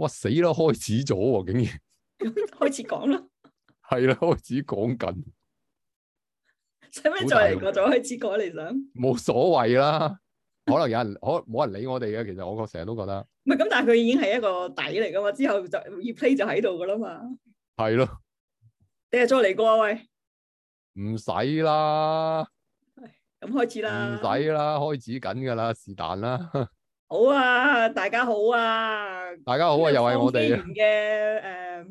哇死啦！ 開始咗，竟然咁開始講啦，係啦，開始講緊，使唔使再嚟過？再開始過啊！你想冇所謂啦，可能有人可冇 人理我哋嘅。其實我個成日都覺得唔係咁，但係佢已經係一個底嚟噶嘛，之後就 replay 就喺度噶啦嘛，係咯的，你日再嚟過啊！喂，唔使啦，咁 開始啦，唔使啦，開始緊噶啦，是但啦。好啊，大家好啊！大家好啊，又係我哋嘅誒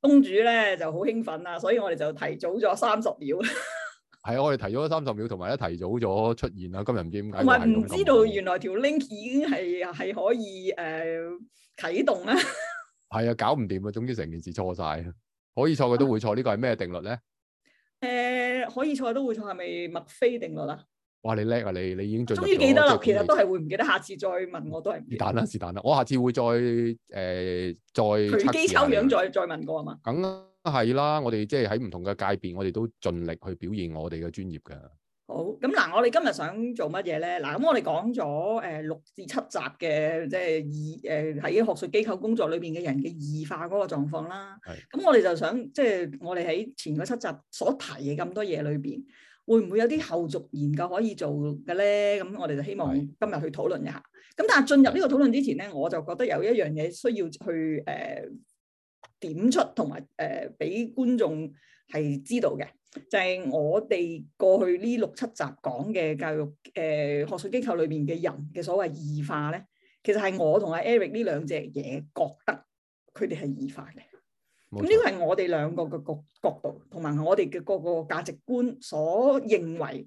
公主咧，就好興奮啊，所以我哋就提早咗三十秒。係 啊，我哋提早咗三十秒，同埋一提早咗出現啊。今日唔知點解唔係唔知道，原來條 link 已經係係可以誒、呃、啟動啦。係 啊，搞唔掂啊！總之成件事錯晒。可以錯嘅都會錯。呢、啊、個係咩定律咧？誒、呃，可以錯都會錯，係咪墨菲定律啊？哇！你叻啊，你你已經最終於記得啦。是其實都係會唔記得，下次再問我都係。是但啦，是但啦。我下次會再誒、呃、再隨機抽樣再再問過係嘛？梗係啦，我哋即係喺唔同嘅界別，我哋都盡力去表現我哋嘅專業嘅。好，咁嗱，我哋今日想做乜嘢咧？嗱，咁我哋講咗誒六至七集嘅即係二誒喺學術機構工作裏邊嘅人嘅異化嗰個狀況啦。係是。咁我哋就想即係、就是、我哋喺前嗰七集所提嘅咁多嘢裏邊。會唔會有啲後續研究可以做嘅咧？咁我哋就希望今日去討論一下。咁但係進入呢個討論之前咧，我就覺得有一樣嘢需要去誒、呃、點出，同埋誒俾觀眾係知道嘅，就係、是、我哋過去呢六七集講嘅教育誒、呃、學術機構裏邊嘅人嘅所謂異化咧，其實係我同阿 Eric 呢兩隻嘢覺得佢哋係異化嘅。咁呢個係我哋兩個嘅角角度，同埋我哋嘅個個價值觀所認為，誒、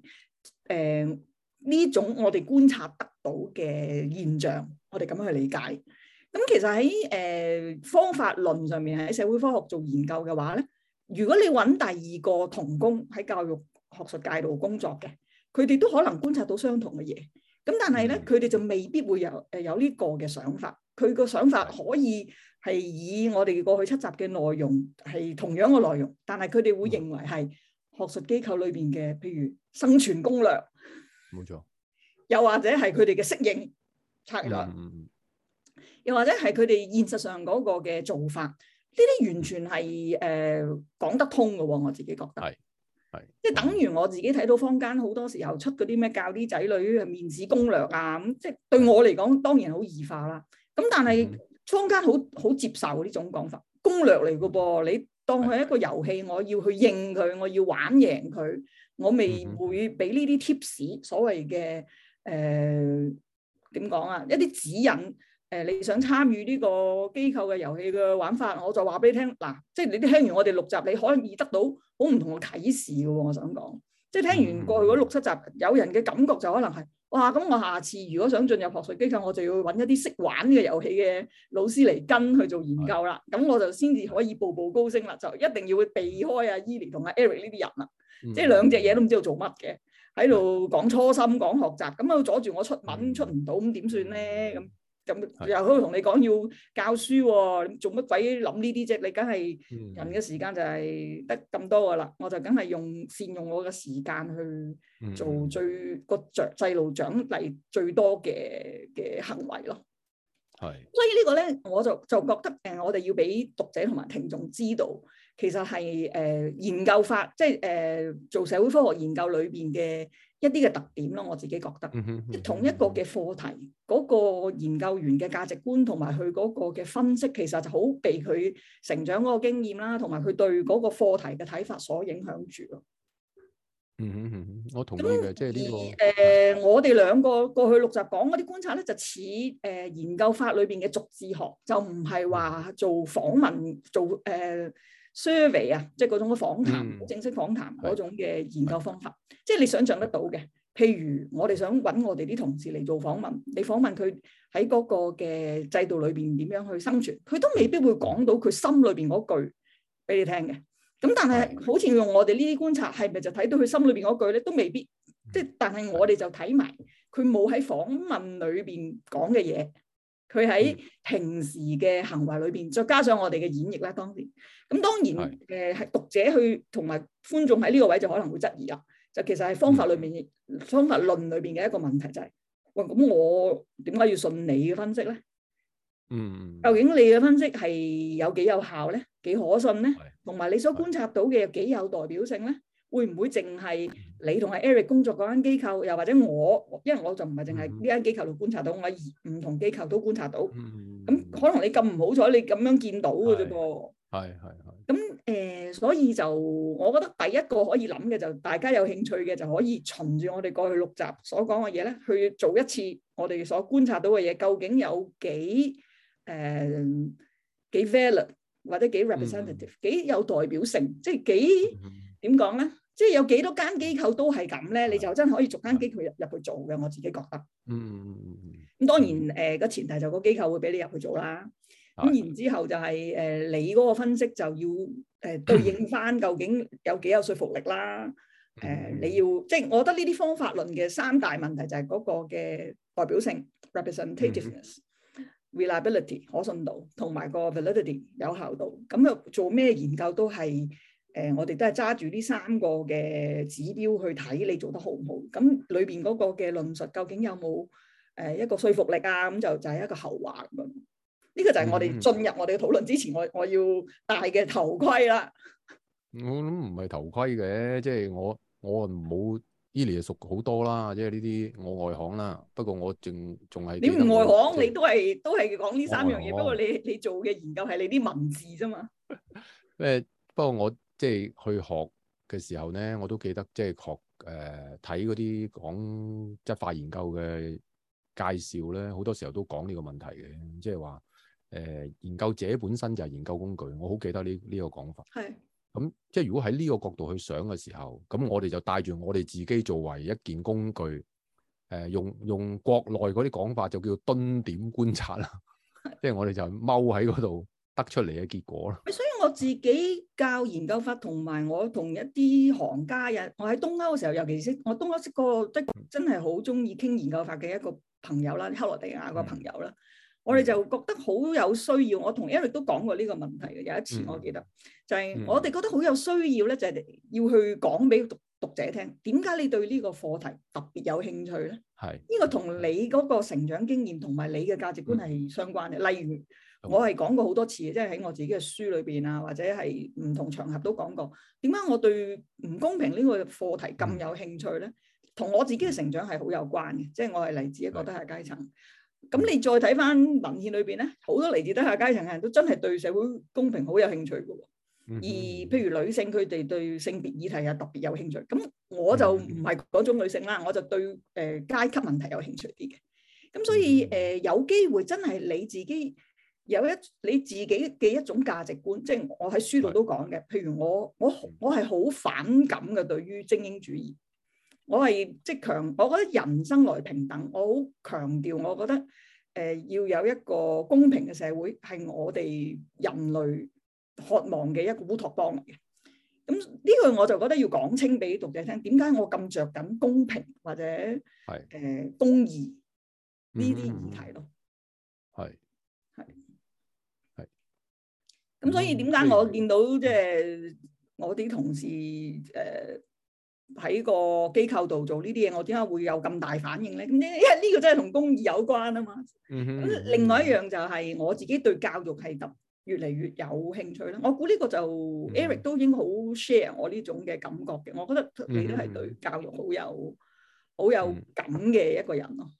呃、呢種我哋觀察得到嘅現象，我哋咁樣去理解。咁其實喺誒、呃、方法論上面，喺社會科學做研究嘅話咧，如果你揾第二個同工喺教育學術界度工作嘅，佢哋都可能觀察到相同嘅嘢。咁但係咧，佢哋就未必會有誒有呢個嘅想法。佢個想法可以係以我哋過去七集嘅內容係同樣嘅內容，但係佢哋會認為係學術機構裏邊嘅，譬如生存攻略，冇錯，又或者係佢哋嘅適應策略，嗯嗯嗯、又或者係佢哋現實上嗰個嘅做法，呢啲完全係誒、呃、講得通嘅。我自己覺得係即係等於我自己睇到坊間好多時候出嗰啲咩教啲仔女面試攻略啊，咁即係對我嚟講當然好異化啦。咁但係坊間好好接受呢種講法，攻略嚟嘅噃，你當佢係一個遊戲，我要去應佢，我要玩贏佢，我未會俾呢啲 tips，所謂嘅誒點講啊，一啲指引誒、呃，你想參與呢個機構嘅遊戲嘅玩法，我就話俾你聽，嗱，即係你啲聽完我哋六集，你可以得到好唔同嘅啟示嘅喎，我想講，即係聽完過去嗰六七集，有人嘅感覺就可能係。哇！咁我下次如果想進入學術機構，我就要揾一啲識玩嘅遊戲嘅老師嚟跟去做研究啦。咁我就先至可以步步高升啦。就一定要避開啊 Eli 同啊 Eric 呢啲人啦。即係兩隻嘢都唔知道做乜嘅，喺度講初心、講學習，咁啊阻住我出文出唔到，咁點算咧？咁。咁、嗯、又喺度同你講要教書喎、哦，做乜鬼諗呢啲啫？你梗係人嘅時間就係得咁多噶啦，我就梗係用善用我嘅時間去做最個制度獎勵最多嘅嘅行為咯。係、嗯，所以個呢個咧，我就就覺得誒、呃，我哋要俾讀者同埋聽眾知道，其實係誒、呃、研究法，即係誒、呃、做社會科學研究裏邊嘅。一啲嘅特點咯，我自己覺得，即、嗯嗯、同一個嘅課題，嗰、嗯、哼個研究員嘅價值觀同埋佢嗰個嘅分析，其實就好被佢成長嗰個經驗啦，同埋佢對嗰個課題嘅睇法所影響住咯。嗯嗯嗯，我同意嘅，即係呢個。誒、呃，我哋兩個過去六集講嗰啲觀察咧，就似誒、呃、研究法裏邊嘅逐字學，就唔係話做訪問，做誒。呃 Survey 啊，即係嗰種訪談，嗯、正式訪談嗰種嘅研究方法，嗯、即係你想象得到嘅。譬如我哋想揾我哋啲同事嚟做訪問，你訪問佢喺嗰個嘅制度裏邊點樣去生存，佢都未必會講到佢心裏邊嗰句俾你聽嘅。咁但係好似用我哋呢啲觀察，係咪就睇到佢心裏邊嗰句咧？都未必，即係但係我哋就睇埋佢冇喺訪問裏邊講嘅嘢。佢喺平時嘅行為裏邊，再加上我哋嘅演繹啦。當，當然，咁當然，誒係讀者去同埋觀眾喺呢個位置就可能會質疑啦，就其實係方法裏面，嗯、方法論裏邊嘅一個問題，就係、是，喂，咁我點解要信你嘅分析咧？嗯，究竟你嘅分析係有幾有效咧？幾可信咧？同埋你所觀察到嘅幾有，有代表性咧？會唔會淨係？你同阿 Eric 工作嗰間機構，又或者我，因為我就唔係淨係呢間機構度觀察到，嗯、我唔同機構都觀察到。咁、嗯、可能你咁唔好彩，你咁樣見到嘅啫噃。係係係。咁誒、呃，所以就我覺得第一個可以諗嘅就，大家有興趣嘅就可以循住我哋過去六集所講嘅嘢咧，去做一次我哋所觀察到嘅嘢，究竟有幾誒、呃、幾 valid 或者幾 representative、嗯、幾有代表性，即係幾點講咧？即係有幾多間機構都係咁咧，你就真係可以逐間機構入入去做嘅。我自己覺得。嗯。咁、嗯嗯、當然誒個、呃、前提就個機構會俾你入去做啦。咁、嗯、然之後就係、是、誒、呃、你嗰個分析就要誒、呃、對應翻究竟有幾有說服力啦。誒、嗯呃、你要即係我覺得呢啲方法論嘅三大問題就係嗰個嘅代表性 （representativeness）、reliability 可信度同埋個 validity 有效度。咁啊做咩研究都係。誒、呃，我哋都係揸住呢三個嘅指標去睇你做得好唔好，咁裏邊嗰個嘅論述究竟有冇誒、呃、一個說服力啊？咁、嗯、就就係一個後話咁。呢、這個就係我哋進入我哋嘅討論之前，我我要戴嘅頭盔啦、嗯嗯。我諗唔係頭盔嘅，即係我我冇伊研熟好多啦，即係呢啲我外行啦。不過我仲仲係你外行，就是、你都係都係講呢三樣嘢。行不過你你做嘅研究係你啲文字啫嘛。誒、嗯呃，不過我。即係去學嘅時候咧，我都記得即係學誒睇嗰啲講質化研究嘅介紹咧，好多時候都講呢個問題嘅，即係話誒研究者本身就係研究工具，我好記得呢、這、呢個講、這個、法。係是。咁即係如果喺呢個角度去想嘅時候，咁我哋就帶住我哋自己作為一件工具，誒、呃、用用國內嗰啲講法就叫做蹲點觀察啦，即係是 我哋就踎喺嗰度得出嚟嘅結果啦。我自己教研究法，同埋我同一啲行家人，我喺東歐嘅時候，尤其是我東歐識過的，真係好中意傾研究法嘅一個朋友啦，克羅地亞個朋友啦，嗯、我哋就覺得好有需要。我同 Eric 都講過呢個問題嘅，有一次我記得、嗯、就係我哋覺得好有需要咧，就係要去講俾讀讀者聽，點解你對呢個課題特別有興趣咧？係呢是個同你嗰個成長經驗同埋你嘅價值觀係相關嘅，嗯、例如。我係講過好多次，即係喺我自己嘅書裏邊啊，或者係唔同場合都講過。點解我對唔公平呢個課題咁有興趣咧？同我自己嘅成長係好有關嘅，即係我係嚟自一個低下階層。咁的你再睇翻文獻裏邊咧，好多嚟自低下階層嘅人都真係對社會公平好有興趣嘅。嗯、哼而譬如女性，佢哋對性別議題係特別有興趣。咁我就唔係嗰種女性啦，我就對誒、呃、階級問題有興趣啲嘅。咁所以誒、呃，有機會真係你自己。有一你自己嘅一種價值觀，即係我喺書度都講嘅。是譬如我我我係好反感嘅對於精英主義，我係即係強。我覺得人生來平等，我好強調。我覺得誒、呃、要有一個公平嘅社會係我哋人類渴望嘅一個烏托邦嚟嘅。咁、嗯、呢、這個我就覺得要講清俾讀者聽，點解我咁着緊公平或者係誒是、呃、公義呢啲議題咯？嗯嗯咁、嗯、所以點解我見到即係、就是、我啲同事誒喺、呃、個機構度做呢啲嘢，我點解會有咁大反應咧？咁因為呢個真係同公義有關啊嘛。咁、嗯、哼另外一樣就係我自己對教育係特越嚟越有興趣啦。我估呢個就 Eric、嗯、都已經好 share 我呢種嘅感覺嘅。我覺得你都係對教育好有好有感嘅一個人咯。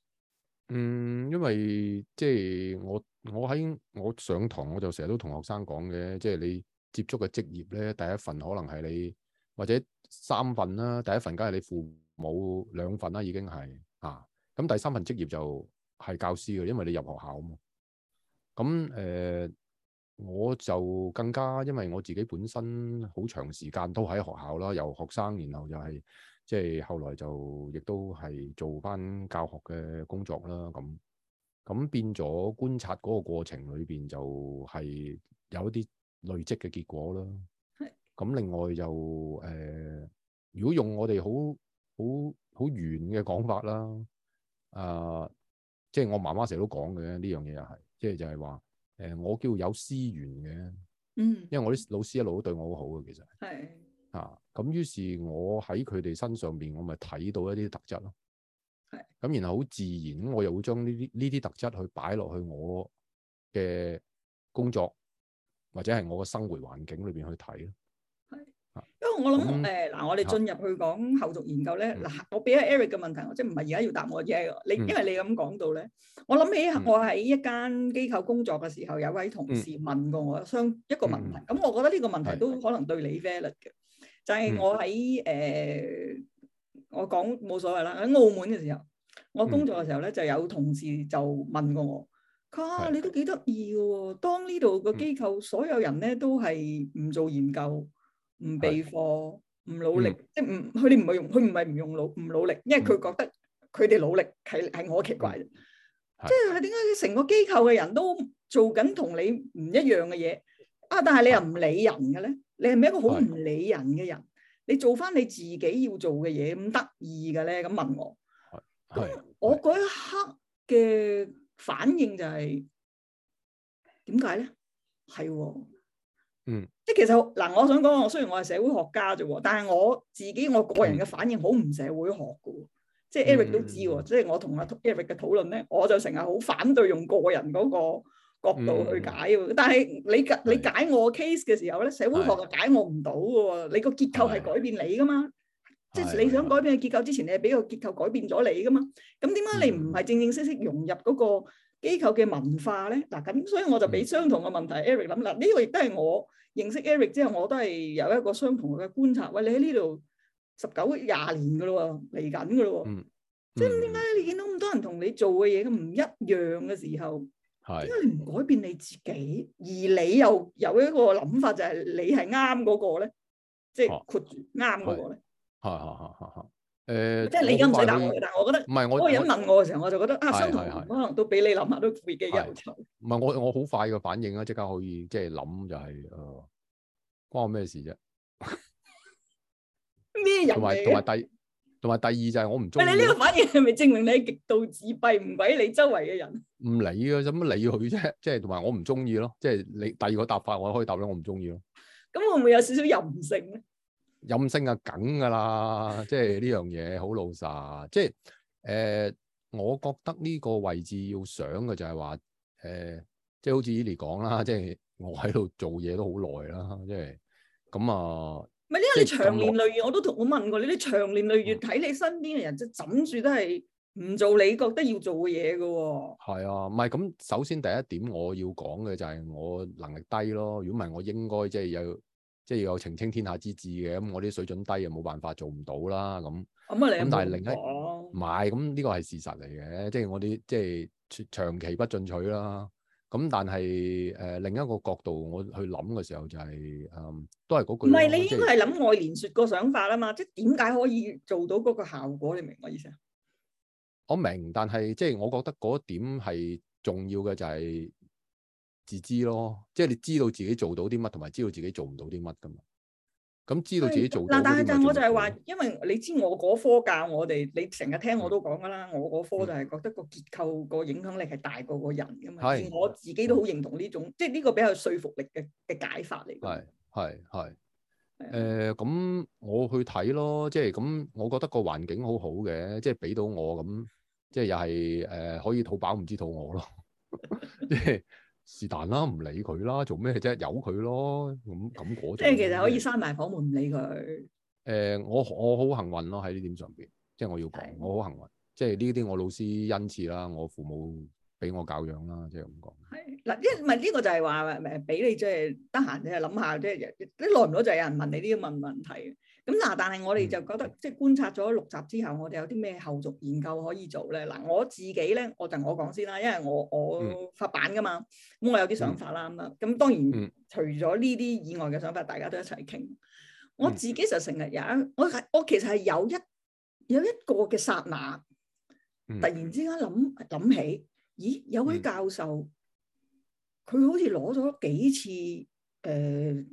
嗯，因為即係我。我喺我上堂我就成日都同學生講嘅，即係你接觸嘅職業咧，第一份可能係你或者三份啦，第一份梗係你父母兩份啦，已經係啊，咁第三份職業就係教師嘅，因為你入學校啊嘛。咁誒，我就更加，因為我自己本身好長時間都喺學校啦，由學生，然後就係即係後來就亦都係做翻教學嘅工作啦，咁。咁變咗觀察嗰個過程裏邊，就係有一啲累積嘅結果啦。係是。咁另外就誒、呃，如果用我哋好好好圓嘅講法啦，啊、呃，即、就、係、是、我媽媽成日都講嘅呢樣嘢又係，即係就係話誒，我叫有思源嘅。嗯。因為我啲老師一路都對我好好、啊、嘅，其實係。是啊，咁於是，我喺佢哋身上邊，我咪睇到一啲特質咯。係咁，然後好自然咁，我又會將呢啲呢啲特質去擺落去我嘅工作或者係我嘅生活環境裏邊去睇咯。係，因為我諗誒，嗱，我哋進入去講後續研究咧，嗱，我俾阿 Eric 嘅問題，我即係唔係而家要答我嘢，你因為你咁講到咧，我諗起我喺一間機構工作嘅時候，有位同事問過我相一個問題，咁我覺得呢個問題都可能對你 valid 嘅，就係我喺誒。我講冇所謂啦。喺澳門嘅時候，我工作嘅時候咧，就有同事就問過我：，佢話、嗯、你都幾得意喎。當呢度個機構、嗯、所有人咧都係唔做研究、唔備課、唔、嗯、努力，嗯、即係唔佢哋唔係用佢唔係唔用腦唔努力，因為佢覺得佢哋努力係係我奇怪。嗯、即係點解成個機構嘅人都做緊同你唔一樣嘅嘢？啊！但係你又唔理人嘅咧？你係咪一個好唔理人嘅人？嗯是你做翻你自己要做嘅嘢咁得意嘅咧，咁問我，咁我嗰一刻嘅反應就係點解咧？係喎，哦、嗯，即係其實嗱，我想講，我雖然我係社會學家啫喎，但係我自己我個人嘅反應好唔社會學嘅，嗯、即係 Eric 都知喎，即係我同阿 Eric 嘅討論咧，我就成日好反對用個人嗰、嗰個。角度去解，但係你解你解我 case 嘅時候咧，社會學就解我唔到嘅喎。你個結構係改變你噶嘛？即係你想改變嘅結構之前，你係俾個結構改變咗你噶嘛？咁點解你唔係正正式式融入嗰個機構嘅文化咧？嗱，咁所以我就俾相同嘅問題，Eric 諗啦，呢個亦都係我認識 Eric 之後，我都係有一個相同嘅觀察。喂，你喺呢度十九廿年嘅咯喎，嚟緊嘅咯喎，即係點解你見到咁多人同你做嘅嘢唔一樣嘅時候？點解你唔改變你自己？而你又有一個諗法，就係你係啱嗰個咧，即係括啱嗰個咧。係係係係誒，欸、即係你而家唔使答我，我但係我覺得，唔係我，有人問我嘅時候，我就覺得啊，相同可能都畀你諗下都會嘅有。唔係我，我好快嘅反應啦、啊，即刻可以即係諗就係、是、誒、就是，關我咩事啫？咩 人？同埋第埋 同埋第二就係我唔中意。你呢個反應係咪證明你極度自閉，唔畀你周圍嘅人？唔理啊，理就是、有乜理佢啫？即係同埋我唔中意咯，即係你第二個答法，我可以答咗我唔中意咯。咁會唔會有少少任性咧？任性啊，梗㗎啦，即係呢樣嘢好老實。即係誒，我覺得呢個位置要想嘅就係話，誒、呃，即、就、係、是、好似 Eli 講啦，即、就、係、是、我喺度做嘢都好耐啦，即係咁啊。唔係，因為你長年累月即係我都同我問過你，你啲長年累月睇、嗯、你身邊嘅人，即係枕住都係唔做你覺得要做嘅嘢嘅喎。係啊，唔係咁，首先第一點我要講嘅就係我能力低咯。如果唔係，我應該即係有即係有澄清天下之志嘅，咁我啲水準低又冇辦法做唔到啦。咁咁啊，你咁但係另一唔係咁呢個係事實嚟嘅，即係我啲即係長期不進取啦。咁但係誒、呃，另一個角度我去諗嘅時候就係、是，嗯，都係嗰句。唔係是，就是、你應該係諗外聯說個想法啊嘛，即係點解可以做到嗰個效果？你明我意思啊？我明，但係即係我覺得嗰點係重要嘅就係自知咯，即、就、係、是、你知道自己做到啲乜，同埋知道自己做唔到啲乜噶嘛。咁知道自己做嗱，但係但係我就係話，因為你知我嗰科教我哋，嗯、你成日聽我都講噶啦。嗯、我嗰科就係覺得個結構個影響力係大過個人噶嘛。的我自己都好認同呢種，的即係呢個比較說服力嘅嘅解法嚟。係係係。誒咁，呃、我去睇咯。即係咁，我覺得個環境好好嘅，即係俾到我咁，即係又係誒可以肚飽，唔知肚餓咯。 是但啦，唔理佢啦，做咩啫？由佢咯，咁咁嗰種。即係其實可以閂埋房門唔理佢。誒、呃，我我好幸運咯喺呢點上邊，即係我要講，的我好幸運。即係呢啲我老師恩賜啦，我父母俾我教養啦，即係咁講。係嗱，呢唔係呢個就係話，唔係俾你即係得閒你諗下，即係你耐唔耐就，是、久久就有人問你呢啲問問題。咁嗱，但係我哋就覺得、嗯、即係觀察咗六集之後，我哋有啲咩後續研究可以做咧？嗱、啊，我自己咧，我就我講先啦，因為我我發版噶嘛，咁我有啲想法啦咁啦。嗯、咁當然、嗯、除咗呢啲以外嘅想法，大家都一齊傾。我自己就成日有，我我其實係有一有一個嘅剎那，突然之間諗諗起，咦？有位教授，佢、嗯、好似攞咗幾次誒、呃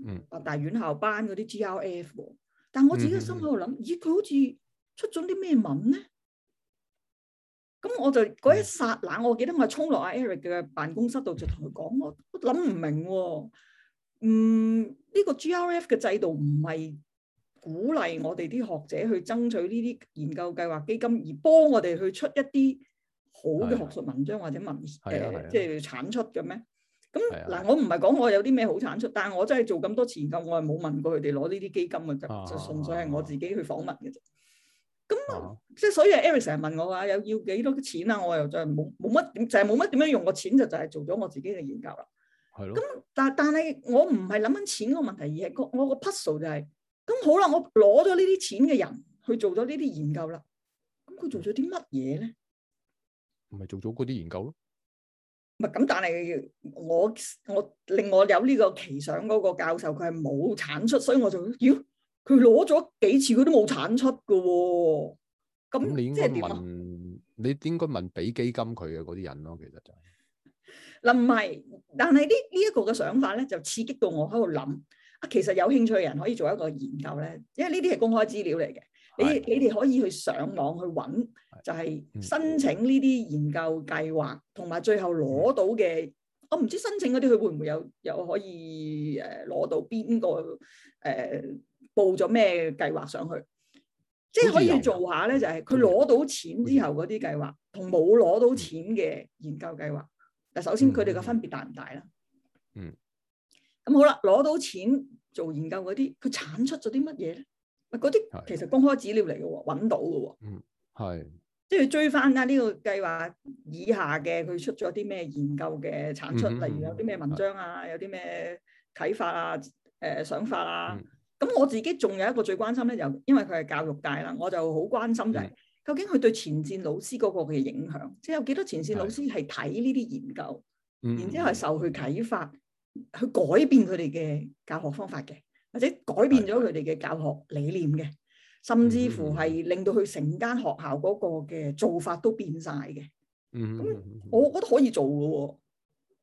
嗯、大，大院校班嗰啲 G R F 但我自己嘅心喺度諗，咦佢、嗯嗯嗯、好似出咗啲咩文咧？咁我就嗰一剎那，我記得我係衝落阿 Eric 嘅辦公室度就同佢講，嗯、我我諗唔明喎、哦。嗯，呢、這個 GRF 嘅制度唔係鼓勵我哋啲學者去爭取呢啲研究計劃基金，而幫我哋去出一啲好嘅學術文章或者文誒，即係、啊啊啊、產出嘅咩？咁嗱那、啊，我唔係講我有啲咩好產出，但係我真係做咁多錢，我係冇問過佢哋攞呢啲基金嘅啫，啊、就純粹係我自己去訪問嘅啫。咁、啊、即係所以，Eric 成日問我話有要幾多錢啊？我又就係冇冇乜，就係冇乜點樣用個錢，就就是、係做咗我自己嘅研究啦。係咯、啊。咁但但係我唔係諗緊錢個問題，而係個我個 puzzle 就係、是：咁好啦，我攞咗呢啲錢嘅人去做咗呢啲研究啦。咁佢做咗啲乜嘢咧？唔係做咗嗰啲研究咯。咁，但係我我令我有呢個奇想嗰個教授，佢係冇產出，所以我就，要佢攞咗幾次佢都冇產出噶喎、哦。咁即係點？你應該問俾基金佢嘅嗰啲人咯，其實就嗱唔係，但係呢呢一個嘅想法咧，就刺激到我喺度諗啊，其實有興趣嘅人可以做一個研究咧，因為呢啲係公開資料嚟嘅。你你哋可以去上網去揾，就係申請呢啲研究計劃，同埋最後攞到嘅，我唔知申請嗰啲佢會唔會有有可以誒攞到邊個誒報咗咩計劃上去，即係可以做下咧，就係佢攞到錢之後嗰啲計劃，同冇攞到錢嘅研究計劃。嗱，首先佢哋嘅分別大唔大啦？嗯。咁好啦，攞到錢做研究嗰啲，佢產出咗啲乜嘢咧？嗰啲其實公開資料嚟嘅喎，揾到嘅喎、嗯嗯。嗯，係、嗯，即係追翻啦，呢個計劃以下嘅佢出咗啲咩研究嘅產出，例如有啲咩文章啊，是有啲咩啟發啊，誒、呃、想法啊。咁、嗯、我自己仲有一個最關心咧，就因為佢係教育界啦，我就好關心就係究竟佢對前線老師嗰個嘅影響，即、就、係、是、有幾多前線老師係睇呢啲研究，嗯嗯嗯、然之後係受佢啟發去改變佢哋嘅教學方法嘅。或者改變咗佢哋嘅教學理念嘅，甚至乎係令到佢成間學校嗰個嘅做法都變晒嘅。嗯，咁我覺得可以做嘅喎、哦。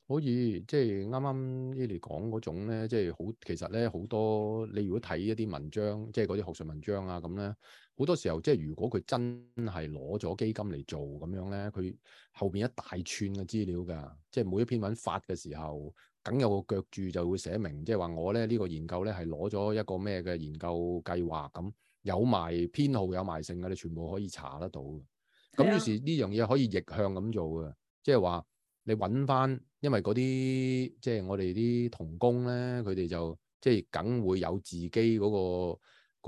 可以，即係啱啱 Eli 講嗰種咧，即係好其實咧好多。你如果睇一啲文章，即係嗰啲學術文章啊咁咧，好多時候即係、就是、如果佢真係攞咗基金嚟做咁樣咧，佢後邊一大串嘅資料㗎。即、就、係、是、每一篇文發嘅時候。梗有個腳注就會寫明，即係話我咧呢個研究咧係攞咗一個咩嘅研究計劃咁，有埋編號，有埋性嘅，你全部可以查得到嘅。咁於是呢樣嘢可以逆向咁做嘅，即係話你揾翻，因為嗰啲即係我哋啲同工咧，佢哋就即係梗會有自己嗰個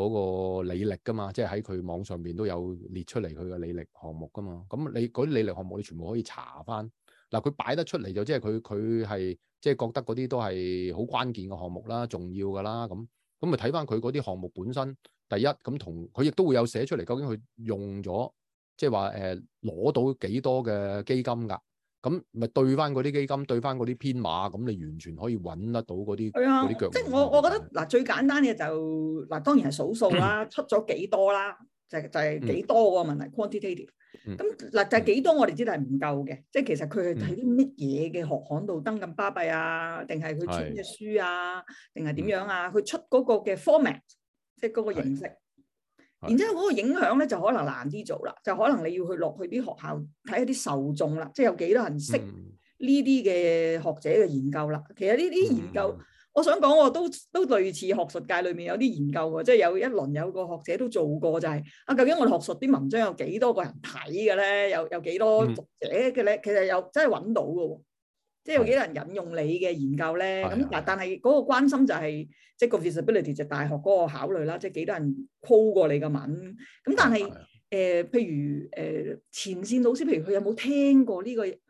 嗰個履歷噶嘛，即係喺佢網上邊都有列出嚟佢嘅履歷項目噶嘛。咁你嗰啲履歷項目，你全部可以查翻。嗱，佢擺得出嚟就即係佢佢係即係覺得嗰啲都係好關鍵嘅項目啦、重要㗎啦，咁咁咪睇翻佢嗰啲項目本身。第一咁同佢亦都會有寫出嚟，究竟佢用咗即係話誒攞到幾多嘅基金㗎？咁咪對翻嗰啲基金，對翻嗰啲編碼，咁你完全可以揾得到嗰啲，係啊，嗰啲腳。即係我我覺得嗱的，最簡單嘅就嗱、是，當然係數數啦，嗯、出咗幾多啦。就是、就係、是、幾多個問題，quantitative。咁嗱、嗯，就係幾多我哋知道係唔夠嘅，嗯、即係其實佢係睇啲乜嘢嘅學刊度登咁巴閉啊，定係佢出嘅書啊，定係點樣啊？佢出嗰個嘅 format，即係嗰個形式。然之後嗰個影響咧就可能難啲做啦，就可能你要去落去啲學校睇一啲受眾啦，即係有幾多人識呢啲嘅學者嘅研究啦。嗯、其實呢啲研究。嗯嗯。我想講，我都都類似學術界裏面有啲研究喎，即係有一輪有一個學者都做過就係啊，究竟我哋學術啲文章有幾多個人睇嘅咧？有又幾多讀者嘅咧？其實又真係揾到嘅喎，即係有幾多人引用你嘅研究咧？咁嗱的，但係嗰個關心就係即係個 visibility 就大學嗰個考慮啦，即係幾多人 call 過你嘅文？咁但係誒的、呃，譬如誒、呃，前線老師譬如佢有冇聽過呢個學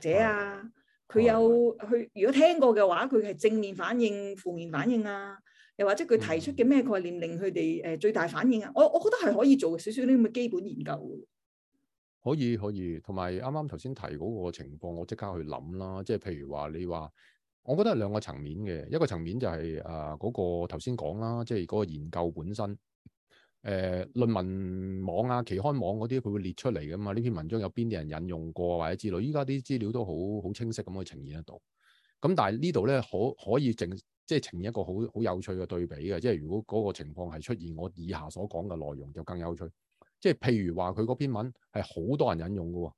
者啊？佢有佢、啊、如果聽過嘅話，佢係正面反應、負面反應啊，又或者佢提出嘅咩概念、嗯、令佢哋誒最大反應啊？我我覺得係可以做少少呢啲咁嘅基本研究。可以可以，同埋啱啱頭先提嗰個情況，我即刻去諗啦。即係譬如話，你話我覺得係兩個層面嘅，一個層面就係啊嗰個頭先講啦，即係嗰個研究本身。誒、呃、論文網啊、期刊網嗰啲，佢會列出嚟噶嘛，呢篇文章有邊啲人引用過或者之類，依家啲資料都好好清晰咁可以呈現得到。咁但係呢度咧，可可以淨即係呈現一個好好有趣嘅對比嘅。即係如果嗰個情況係出現，我以下所講嘅內容就更有趣。即係譬如話，佢嗰篇文係好多人引用嘅，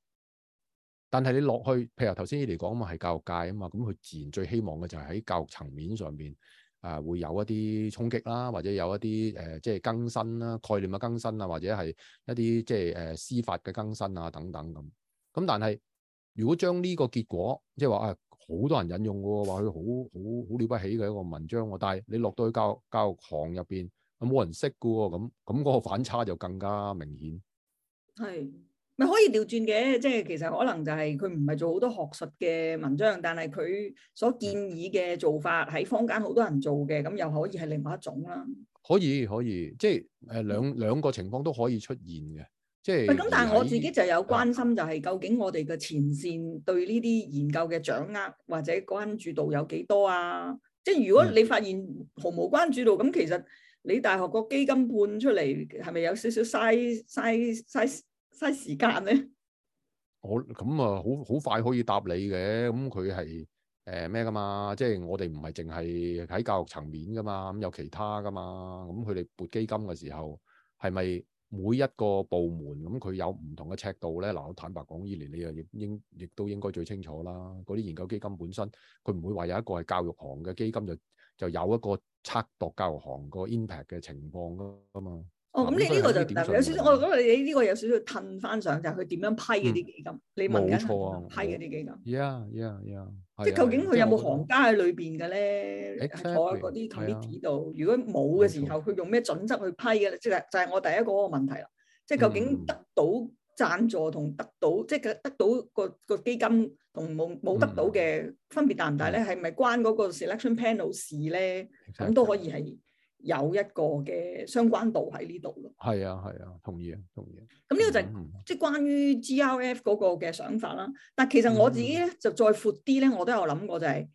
但係你落去，譬如頭先你嚟講啊嘛，係教育界啊嘛，咁佢自然最希望嘅就係喺教育層面上邊，啊，會有一啲衝擊啦，或者有一啲誒、呃，即係更新啦，概念嘅更新啊，或者係一啲即係誒、呃、司法嘅更新啊，等等咁。咁、嗯、但係如果將呢個結果，即係話啊，好多人引用喎，話佢好好好了不起嘅一個文章，但係你落到去教育教育行入邊，冇人識㗎喎，咁咁嗰個反差就更加明顯。係。咪可以調轉嘅，即係其實可能就係佢唔係做好多學術嘅文章，但係佢所建議嘅做法喺坊間好多人做嘅，咁又可以係另外一種啦。可以可以，即係誒兩兩個情況都可以出現嘅，即係。咁但係我自己就有關心，就係究竟我哋嘅前線對呢啲研究嘅掌握或者關注度有幾多啊？即係如果你發現毫無關注度，咁其實你大學個基金判出嚟係咪有少少嘥嘥嘥？嘥時間咧，我咁啊，好好快可以答你嘅。咁佢係誒咩噶嘛？即係我哋唔係淨係喺教育層面噶嘛。咁、嗯、有其他噶嘛？咁佢哋撥基金嘅時候，係咪每一個部門咁佢、嗯、有唔同嘅尺度咧？嗱、嗯，我坦白講，依年你又應亦都應該最清楚啦。嗰啲研究基金本身，佢唔會話有一個係教育行嘅基金就就有一個測度教育行個 impact 嘅情況噶嘛。哦，咁你呢個就特別有少少，我覺得你呢個有少少褪翻上，就係佢點樣批嘅啲基金？你問緊批嘅啲基金。即係究竟佢有冇行家喺裏邊嘅咧？坐喺嗰啲 committee 度，如果冇嘅時候，佢用咩準則去批嘅咧？即係就係我第一個問題啦。即係究竟得到贊助同得到，即係得到個個基金同冇冇得到嘅分別大唔大咧？係咪關嗰個 selection panel 事咧？咁都可以係。有一個嘅相關度喺呢度咯，係啊係啊，同意啊同意。咁呢個就係即係關於 GRF 嗰個嘅想法啦。但係其實我自己咧、嗯、就再闊啲咧，我都有諗過就係、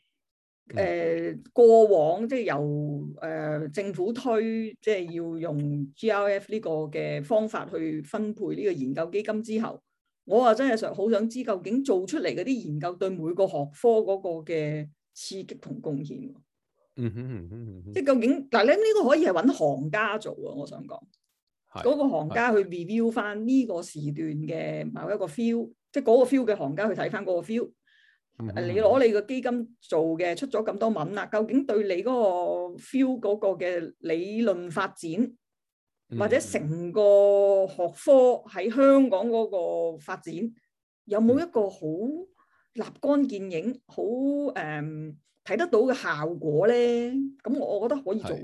是、誒、呃、過往即係、就是、由誒、呃、政府推即係、就是、要用 GRF 呢個嘅方法去分配呢個研究基金之後，我啊真係想好想知究竟做出嚟嗰啲研究對每個學科嗰個嘅刺激同貢獻。嗯嗯嗯即係究竟嗱，你呢個可以係揾行家做啊？我想講，嗰 個行家去 review 翻呢個時段嘅某一個 feel， 即係嗰個 feel 嘅行家去睇翻嗰個 feel。 你攞你個基金做嘅出咗咁多文啦，究竟對你嗰個 feel 嗰個嘅理論發展， 或者成個學科喺香港嗰個發展，有冇一個好立竿見影，好誒？Um, 睇得到嘅效果咧，咁我我覺得可以做。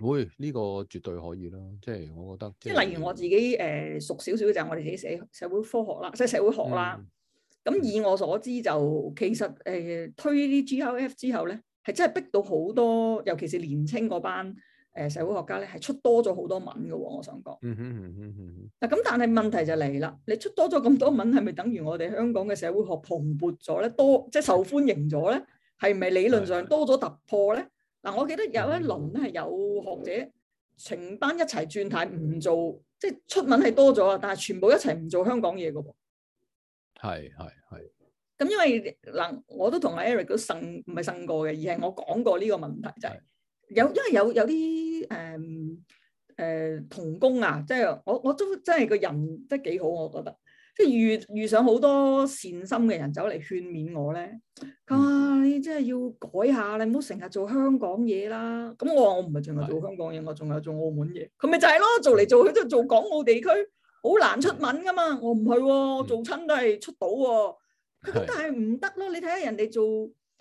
會呢、這個絕對可以咯，即係我覺得。即係例如我自己誒、嗯呃、熟少少就係我哋啲社社會科學啦，即係社，社會學啦。咁、嗯、以我所知就其實誒、呃、推啲 GRF 之後咧，係真係逼到好多，尤其是年青嗰班誒、呃、社會學家咧，係出多咗好多文嘅喎。我想講、嗯。嗯嗯嗯嗯嗯。嗱、嗯、咁但係問題就嚟啦，你出多咗咁多文係咪等於我哋香港嘅社會學蓬勃咗咧？多即係受歡迎咗咧？嗯係唔係理論上多咗突破咧？嗱的，我記得有一輪都係有學者成、嗯、班一齊轉態，唔做即係出文係多咗啊，但係全部一齊唔做香港嘢嘅噃。係係係。咁因為嗱，我都同阿 Eric 都信唔係信過嘅，而係我講過呢個問題就係、是、的有，因為有有啲誒誒童工啊，即係我我都真係、這個人即係幾好，我覺得即係遇遇上好多善心嘅人走嚟勸勉我咧。你真係要改下你唔好成日做香港嘢啦。咁、嗯、我話我唔係成日做香港嘢，的我仲係做澳門嘢。佢咪就係咯，做嚟做去都做港澳地區，好難出文噶嘛。我唔係喎，做親都係出到喎。佢覺得係唔得咯，你睇下人哋做，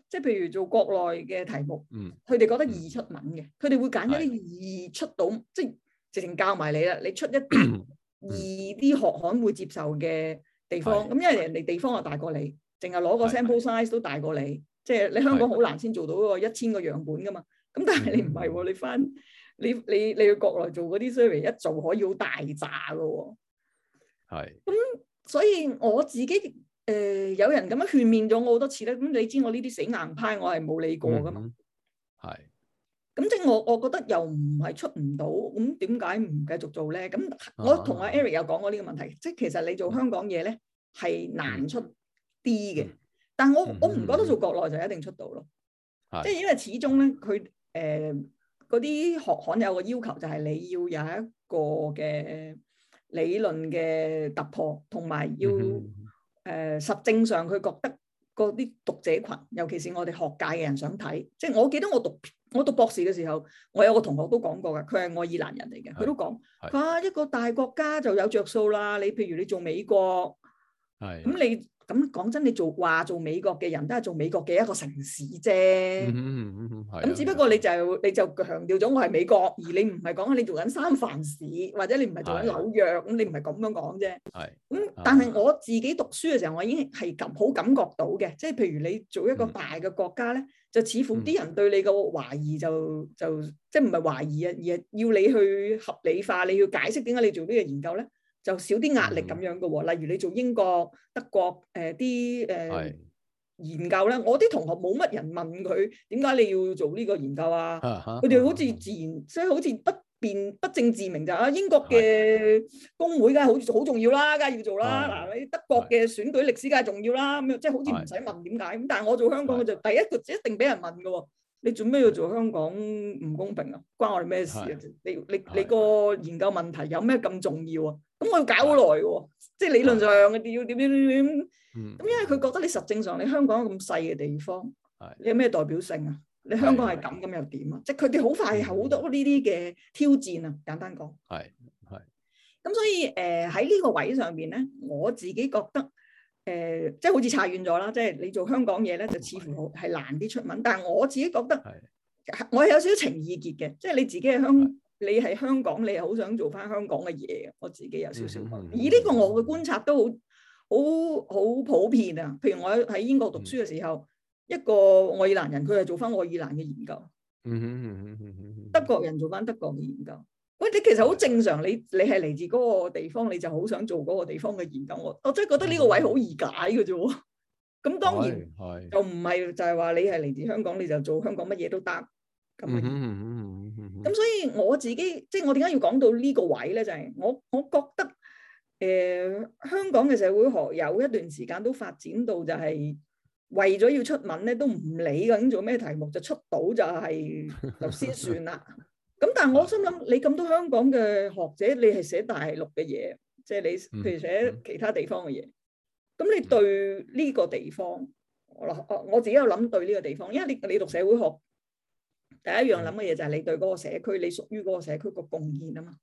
即係譬如做國內嘅題目，佢哋、嗯、覺得易出文嘅，佢哋會揀一啲易出到，嗯、即係直情教埋你啦。你出一啲易啲學刊會接受嘅地方，咁、嗯嗯、因為人哋地方又大過你，淨係攞個 sample size 都大過你。即係你香港好難先做到嗰一千個，個樣本噶嘛，咁但係你唔係喎，你翻你你你，你去國內做嗰啲 survey 一做可以好大扎噶喎。係是。咁所以我自己誒、呃、有人咁樣勸勉咗我好多次咧，咁你知我呢啲死硬派，我係冇理過噶嘛。係是。咁即係我我覺得又唔係出唔到，咁點解唔繼續做咧？咁我同阿 Eric 又講過呢個問題，的即係其實你做香港嘢咧係難出啲嘅。但係我、嗯、哼我唔覺得做國內就一定出到咯，即係是因為始終咧佢誒嗰啲學刊有個要求，就係你要有一個嘅理論嘅突破，同埋要誒、嗯哼呃、實證上佢覺得嗰啲讀者群，尤其是我哋學界嘅人想睇。即係我記得我讀我讀博士嘅時候，我有個同學都講過㗎，佢係愛爾蘭人嚟嘅，佢是都講嚇是、啊、一個大國家就有着數啦。你譬如你做美國，咁你。咁講真，你做話做美國嘅人都係做美國嘅一個城市啫。咁、嗯、只不過你就你就強調咗我係美國，而你唔係講你做緊三藩市，或者你唔係做緊紐約，咁的你唔係咁樣講啫。係的。咁、嗯、但係我自己讀書嘅時候，我已經係咁好感覺到嘅，即係譬如你做一個大嘅國家咧，嗯、就似乎啲人對你個懷疑就就，就即係唔係懷疑啊，而係要你去合理化，你要解釋點解你做呢個研究咧？就少啲壓力咁樣嘅喎，例如你做英國、德國、誒啲誒研究咧，我啲同學冇乜人問佢點解你要做呢個研究啊？佢哋好似自然，即係好似不辯不證自明，就啊英國嘅工會梗係好好重要啦，梗係要做啦。嗱，你德國嘅選舉歷史梗係重要啦，咁樣即係好似唔使問點解。咁但係我做香港我就第一個一定俾人問嘅喎，你做咩要做香港，唔公平啊？關我哋咩事啊？你你你個研究問題有咩咁重要啊？咁我要搞好耐喎，即係理論上要點點點點。咁因為佢覺得你實證上，你香港咁細嘅地方，你有咩代表性啊？你香港係咁咁又點啊？即係佢哋好快好多呢啲嘅挑戰啊！簡單講，係係。咁所以誒喺呢個位上邊咧，我自己覺得誒，即係好似差遠咗啦。即係你做香港嘢咧，就似乎係難啲出文。但係我自己覺得，我係有少少情意結嘅，即係你自己喺香。你喺香港，你又好想做翻香港嘅嘢。我自己有少少。而呢、嗯、個我嘅觀察都好好好普遍啊。譬如我喺英國讀書嘅時候，嗯、一個愛爾蘭人佢係做翻愛爾蘭嘅研究。嗯嗯嗯嗯、德國人做翻德國嘅研究。喂，你其實好正常。你你係嚟自嗰個地方，你就好想做嗰個地方嘅研究。我我真係覺得呢個位好易解嘅啫。咁、嗯、當然就唔係就係話你係嚟自香港，你就做香港乜嘢都得咁。咁所以我自己即係、就是、我點解要講到呢個位咧？就係、是、我我覺得誒、呃、香港嘅社會學有一段時間都發展到就係為咗要出文咧，都唔理究竟做咩題目就出到就係就先算啦。咁 但係我心諗，你咁多香港嘅學者，你係寫大陸嘅嘢，即、就、係、是、你譬如寫其他地方嘅嘢，咁、嗯、你對呢個地方，我我自己有諗對呢個地方，因為你你讀社會學。第一樣諗嘅嘢就係你對嗰個社區，你屬於嗰個社區個貢獻啊嘛。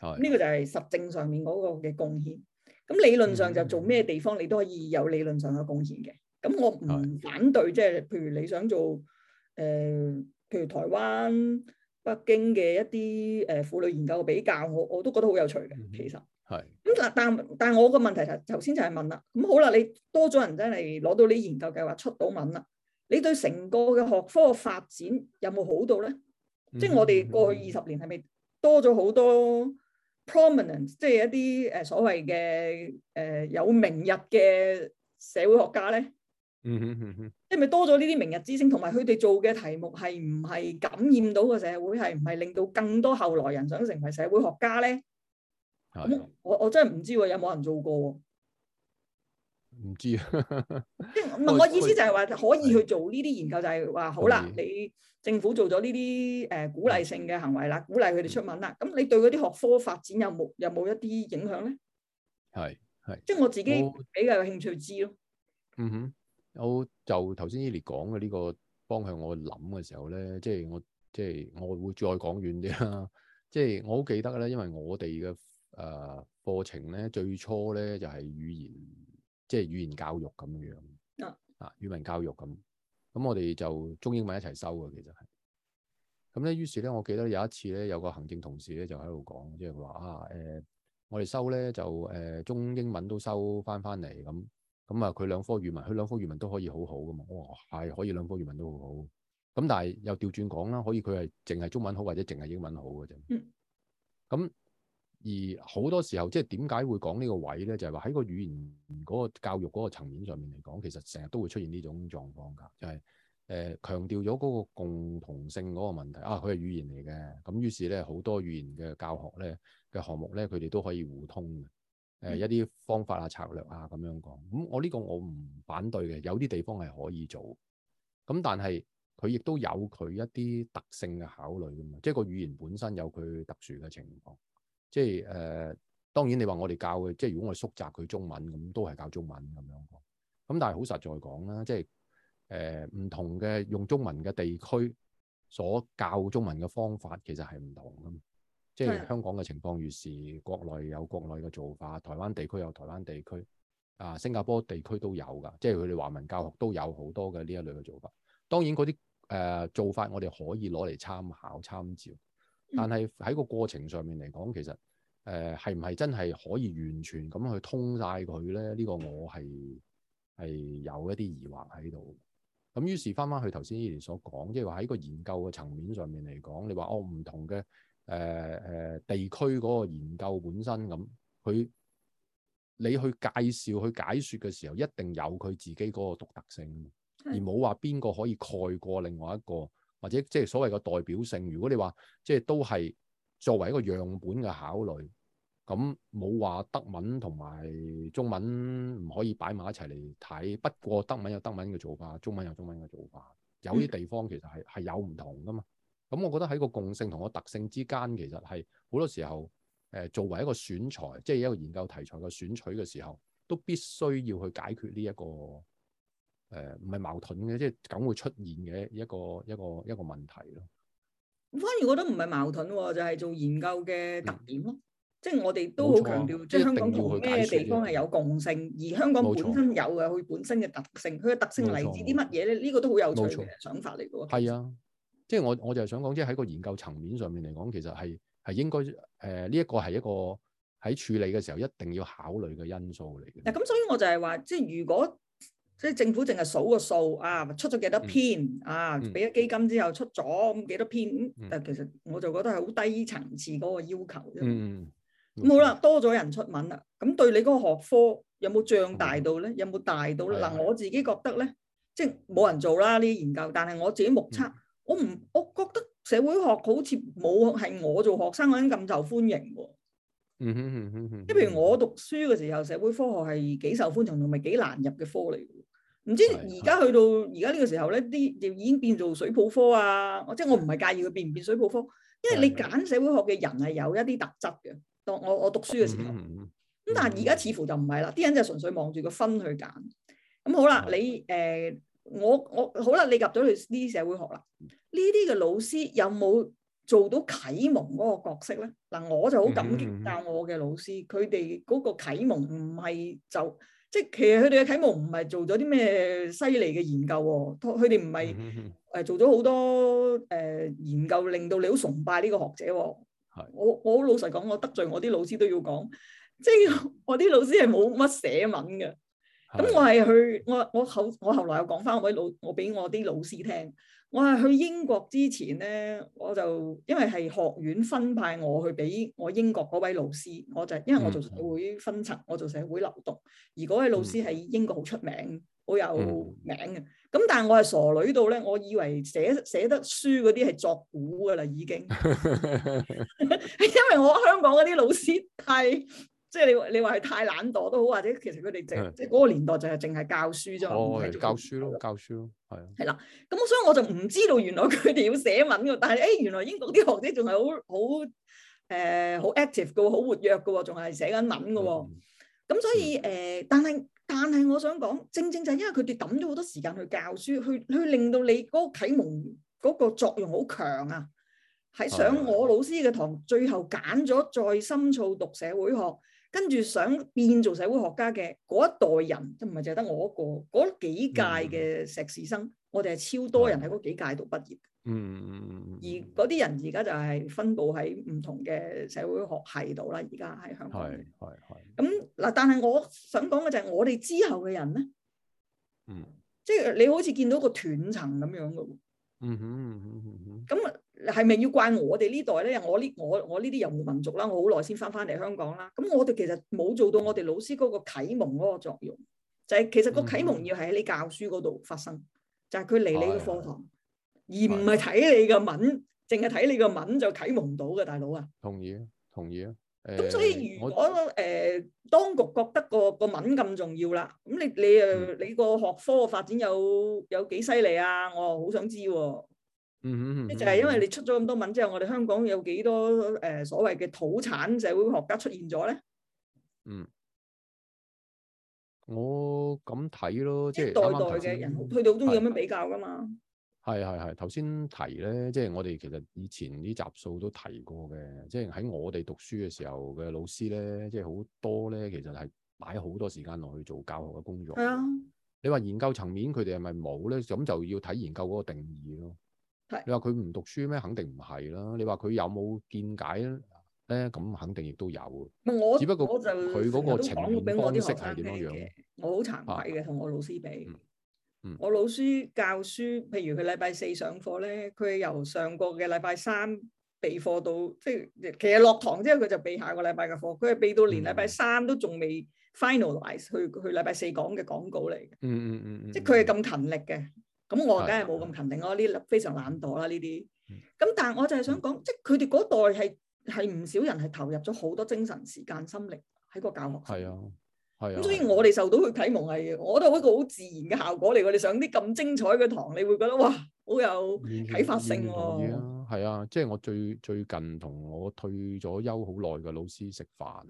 咁呢的個就係實證上面嗰個嘅貢獻。咁理論上就做咩地方你都可以有理論上嘅貢獻嘅。咁我唔反對，即係的譬如你想做誒、呃，譬如台灣、北京嘅一啲誒、呃、婦女研究嘅比較，我我都覺得好有趣嘅。其實係咁嗱，但但係我個問題就係頭先就係、是、問啦。咁好啦，你多咗人真係攞到啲研究計劃出到文啦。你對成個嘅學科發展有冇好到咧？即係我哋過去二十年係咪多咗好多 prominent，即係一啲誒所謂嘅誒有名日嘅社會學家咧？嗯哼嗯哼，即係咪多咗、呃、呢啲明、嗯嗯、日之星，同埋佢哋做嘅題目係唔係感染到個社會，係唔係令到更多後來人想成為社會學家咧、嗯嗯？我我真係唔知喎，有冇人做過？唔知啊，即係唔係？我意思就係話可以去做呢啲研究，的就係話好啦，的你政府做咗呢啲誒鼓勵性嘅行為啦，鼓勵佢哋出文啦。咁的你對嗰啲學科發展有冇有冇一啲影響咧？係係的，即係我自己比較有興趣知咯。嗯哼，我就頭先 Eli 講嘅呢個方向，我諗嘅時候咧，即係我即係我會再講遠啲啦。即係我好記得咧，因為我哋嘅誒課程咧，最初咧就係語言。即係語言教育咁樣樣啊，啊語文教育咁咁，我哋就中英文一齊收嘅。其實係咁咧，於是咧，我記得有一次咧，有個行政同事咧就喺度講，即係佢話啊誒、呃，我哋收咧就誒、呃、中英文都收翻翻嚟咁咁啊，佢兩科語文，佢兩科語文都可以好好㗎嘛。哇、哦，係可以兩科語文都好好咁，但係又調轉講啦，可以佢係淨係中文好，或者淨係英文好嘅啫。咁、嗯。而好多時候，即係點解會講呢個位咧？就係話喺個語言嗰個教育嗰個層面上面嚟講，其實成日都會出現呢種狀況㗎。就係、是、誒、呃、強調咗嗰個共同性嗰個問題啊，佢係語言嚟嘅。咁於是咧，好多語言嘅教學咧嘅項目咧，佢哋都可以互通嘅。誒、呃、一啲方法啊、策略啊咁樣講。咁、嗯、我呢個我唔反對嘅，有啲地方係可以做。咁但係佢亦都有佢一啲特性嘅考慮㗎嘛，即係個語言本身有佢特殊嘅情況。即係誒、呃，當然你話我哋教嘅，即係如果我哋縮窄佢中文咁，都係教中文咁樣。咁但係好實在講啦，即係誒唔同嘅用中文嘅地區所教中文嘅方法其實係唔同嘅。即係香港嘅情況，如是，國內有國內嘅做法，台灣地區有台灣地區，啊，新加坡地區都有㗎。即係佢哋華文教學都有好多嘅呢一類嘅做法。當然嗰啲誒做法，我哋可以攞嚟參考參照。但係喺個過程上面嚟講，其實誒係唔係真係可以完全咁去通晒佢咧？呢、這個我係係有一啲疑惑喺度。咁、嗯、於是翻翻去頭先伊研所講，即係話喺個研究嘅層面上面嚟講，你話哦唔同嘅誒誒地區嗰個研究本身咁，佢你去介紹去解說嘅時候，一定有佢自己嗰個獨特性，而冇話邊個可以蓋過另外一個。或者即係所謂嘅代表性，如果你話即係都係作為一個樣本嘅考慮，咁冇話德文同埋中文唔可以擺埋一齊嚟睇。不過德文有德文嘅做法，中文有中文嘅做法，有啲地方其實係係有唔同噶嘛。咁我覺得喺個共性同個特性之間，其實係好多時候誒、呃、作為一個選材，即係一個研究題材嘅選取嘅時候，都必須要去解決呢、這、一個。誒，唔係矛盾嘅，即係咁會出現嘅一個一個一個問題咯。反而我覺得唔係矛盾，就係做研究嘅特點咯。即係我哋都好強調，即係香港同咩地方係有共性，而香港本身有嘅佢本身嘅特性，佢嘅特性嚟自啲乜嘢咧？呢個都好有趣嘅想法嚟嘅。係啊，即係我我就係想講，即係喺個研究層面上面嚟講，其實係係應該誒呢一個係一個喺處理嘅時候一定要考慮嘅因素嚟嘅。咁，所以我就係話，即係如果。所以政府淨係數個數啊，出咗幾多篇啊？俾咗基金之後出咗咁幾多篇？但其實我就覺得係好低層次嗰個要求啫。嗯。咁好啦，多咗人出文啦，咁對你嗰個學科有冇漲大到咧？有冇大到咧？嗱，我自己覺得咧，即係冇人做啦呢啲研究。但係我自己目測，我唔，我覺得社會學好似冇係我做學生嗰陣咁受歡迎喎。嗯哼哼哼哼。即譬如我讀書嘅時候，社會科學係幾受歡迎同埋幾難入嘅科嚟。唔知而家去到而家呢個時候咧，啲就已經變做水泡科啊！即我即係我唔係介意佢變唔變水泡科，因為你揀社會學嘅人係有一啲特質嘅。當我我讀書嘅時候，咁但係而家似乎就唔係、嗯、啦，啲人就純粹望住個分去揀。咁、呃、好啦，你誒我我好啦，你入咗去呢啲社會學啦，呢啲嘅老師有冇做到啟蒙嗰個角色咧？嗱，我就好感激教我嘅老師，佢哋嗰個啟蒙唔係就。即係其實佢哋嘅啟蒙唔係做咗啲咩犀利嘅研究喎、哦，佢哋唔係誒做咗好多誒、呃、研究令到你好崇拜呢個學者喎、哦。係的我我老實講，我得罪我啲老師都要講，即、就、係、是、我啲老師係冇乜寫文嘅。咁的我係去我我後我後來又講翻我啲老我俾我啲老師聽。我係去英國之前咧，我就因為係學院分派我去俾我英國嗰位老師，我就係、因為我做社會分層，我做社會流動，而嗰位老師喺英國好出名，好有名嘅。咁但係我係傻女到咧，我以為寫寫得書嗰啲係作古噶啦，已經， 因為我香港嗰啲老師係。即係你你話係太懶惰都好，或者其實佢哋淨即係嗰的個年代就係淨係教書啫。哦，係教書咯，教書咯，係的。係啦，咁所以我就唔知道原來佢哋要寫文噶，但係誒、欸、原來英國啲學者仲係好好誒好 active 噶，好活躍噶，仲係寫緊文噶。咁，的所以誒、呃，但係但係我想講，正正，正就係因為佢哋抌咗好多時間去教書，去去令到你嗰個啟蒙嗰個作用好強啊。喺上我老師嘅堂，最後揀咗再深造讀，讀社會學。跟住想變做社會學家嘅嗰一代人，即唔係淨係得我一個。嗰幾屆嘅碩士生，嗯、我哋係超多人喺嗰幾屆度畢業。嗯嗯嗯而嗰啲人而家就係分佈喺唔同嘅社會學系度啦。而家喺香港。係係係。咁嗱，但係我想講嘅就係我哋之後嘅人咧。嗯。即、嗯、係、嗯嗯嗯、你好似見到個斷層咁樣嘅喎、嗯。嗯哼。咁、嗯、啊。嗯嗯嗯嗯係咪要怪我哋呢代咧？我呢我我呢啲游牧民族啦，我好耐先翻翻嚟香港啦。咁我哋其實冇做到我哋老師嗰個啟蒙嗰個作用，就係、係、其實個啟蒙要係喺你教書嗰度發生，嗯、就係佢嚟你嘅課堂，哎、呀而唔係睇你嘅文，淨係睇你嘅文就啟蒙到嘅，大佬啊！同意啊，同意啊。咁所以如果誒我、呃、當局覺得、嗰個、嗰個文咁重要啦，咁你你誒、嗯、你個學科發展有有幾犀利啊？我好想知喎。嗯，即、嗯、係因為你出咗咁多文之後，我哋香港有幾多誒、呃、所謂嘅土產社會學家出現咗咧？嗯，我咁睇咯，即係代代嘅人，去到好中意咁樣比較噶嘛。係係係，頭先提咧，即、就、係、是、我哋其實以前啲集數都提過嘅，即係喺我哋讀書嘅時候嘅老師咧，即係好多咧，其實係擺好多時間落去做教學嘅工作。係啊，你話研究層面佢哋係咪冇咧？咁就要睇研究嗰個定義咯。你話佢唔讀書咩？肯定唔係啦。你話佢有冇見解咧？咁、欸、肯定亦都有。我，只不過佢嗰個呈現方式係點樣嘅？我好慚愧嘅，同的我老師比。嗯嗯、我老師教書，譬如佢禮拜四上課咧，佢係由上個嘅禮拜三備課到，即係其實落堂之後佢就備下個禮拜嘅課，佢係備到連禮拜三都仲未 finalize、嗯、去去禮拜四講嘅廣告嚟、嗯。嗯嗯嗯。嗯嗯嗯，即係佢係咁勤力嘅。咁、嗯、我梗係冇咁勤力咯，呢啲非常懶惰啦，呢啲。咁但係我就係想講，即係佢哋嗰代係係唔少人係投入咗好多精神時間心力喺個教學。係啊，係啊、嗯。所以我哋受到佢啟蒙係，我覺得係一個好自然嘅效果嚟㗎。你上啲咁精彩嘅堂，你會覺得哇，好有啟發性㗎。係啊，即係、啊啊就是、我最最近同我退咗休好耐嘅老師食飯，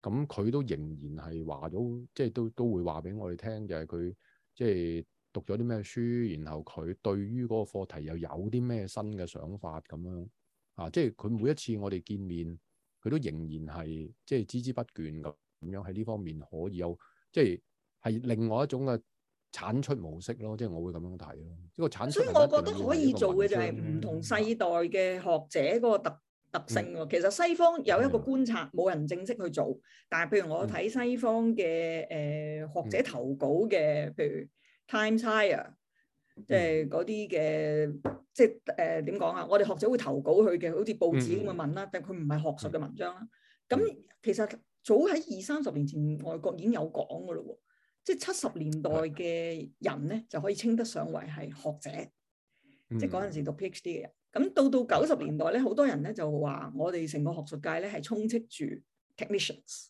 咁佢都仍然係話咗，即、就、係、是、都都會話俾我哋聽，就係佢即係。就是讀咗啲咩書，然後佢對於嗰個課題又有啲咩新嘅想法咁樣啊？即係佢每一次我哋見面，佢都仍然係即係孜孜不倦咁，咁樣喺呢方面可以有，即係係另外一種嘅產出模式咯。即係我會咁樣睇咯。呢個、產出所以我覺得可以做嘅就係唔同世代嘅學者嗰個特、嗯、特性。嗯、其實西方有一個觀察，冇的人正式去做，但係譬如我睇西方嘅誒、呃、學者投稿嘅，譬如。Time Tyre，即係嗰啲嘅，即係誒點講啊？我哋學者會投稿佢嘅，好似報紙咁嘅文啦，但係佢唔係學術嘅文章啦。咁其實早喺二三十年前，外國已經有講㗎咯喎，即係七十年代嘅人咧，嗯、就可以稱得上為係學者，嗯、即係嗰陣時讀 PhD 嘅人。咁到到九十年代咧，好多人咧就話我哋成個學術界咧係充斥住 technicians，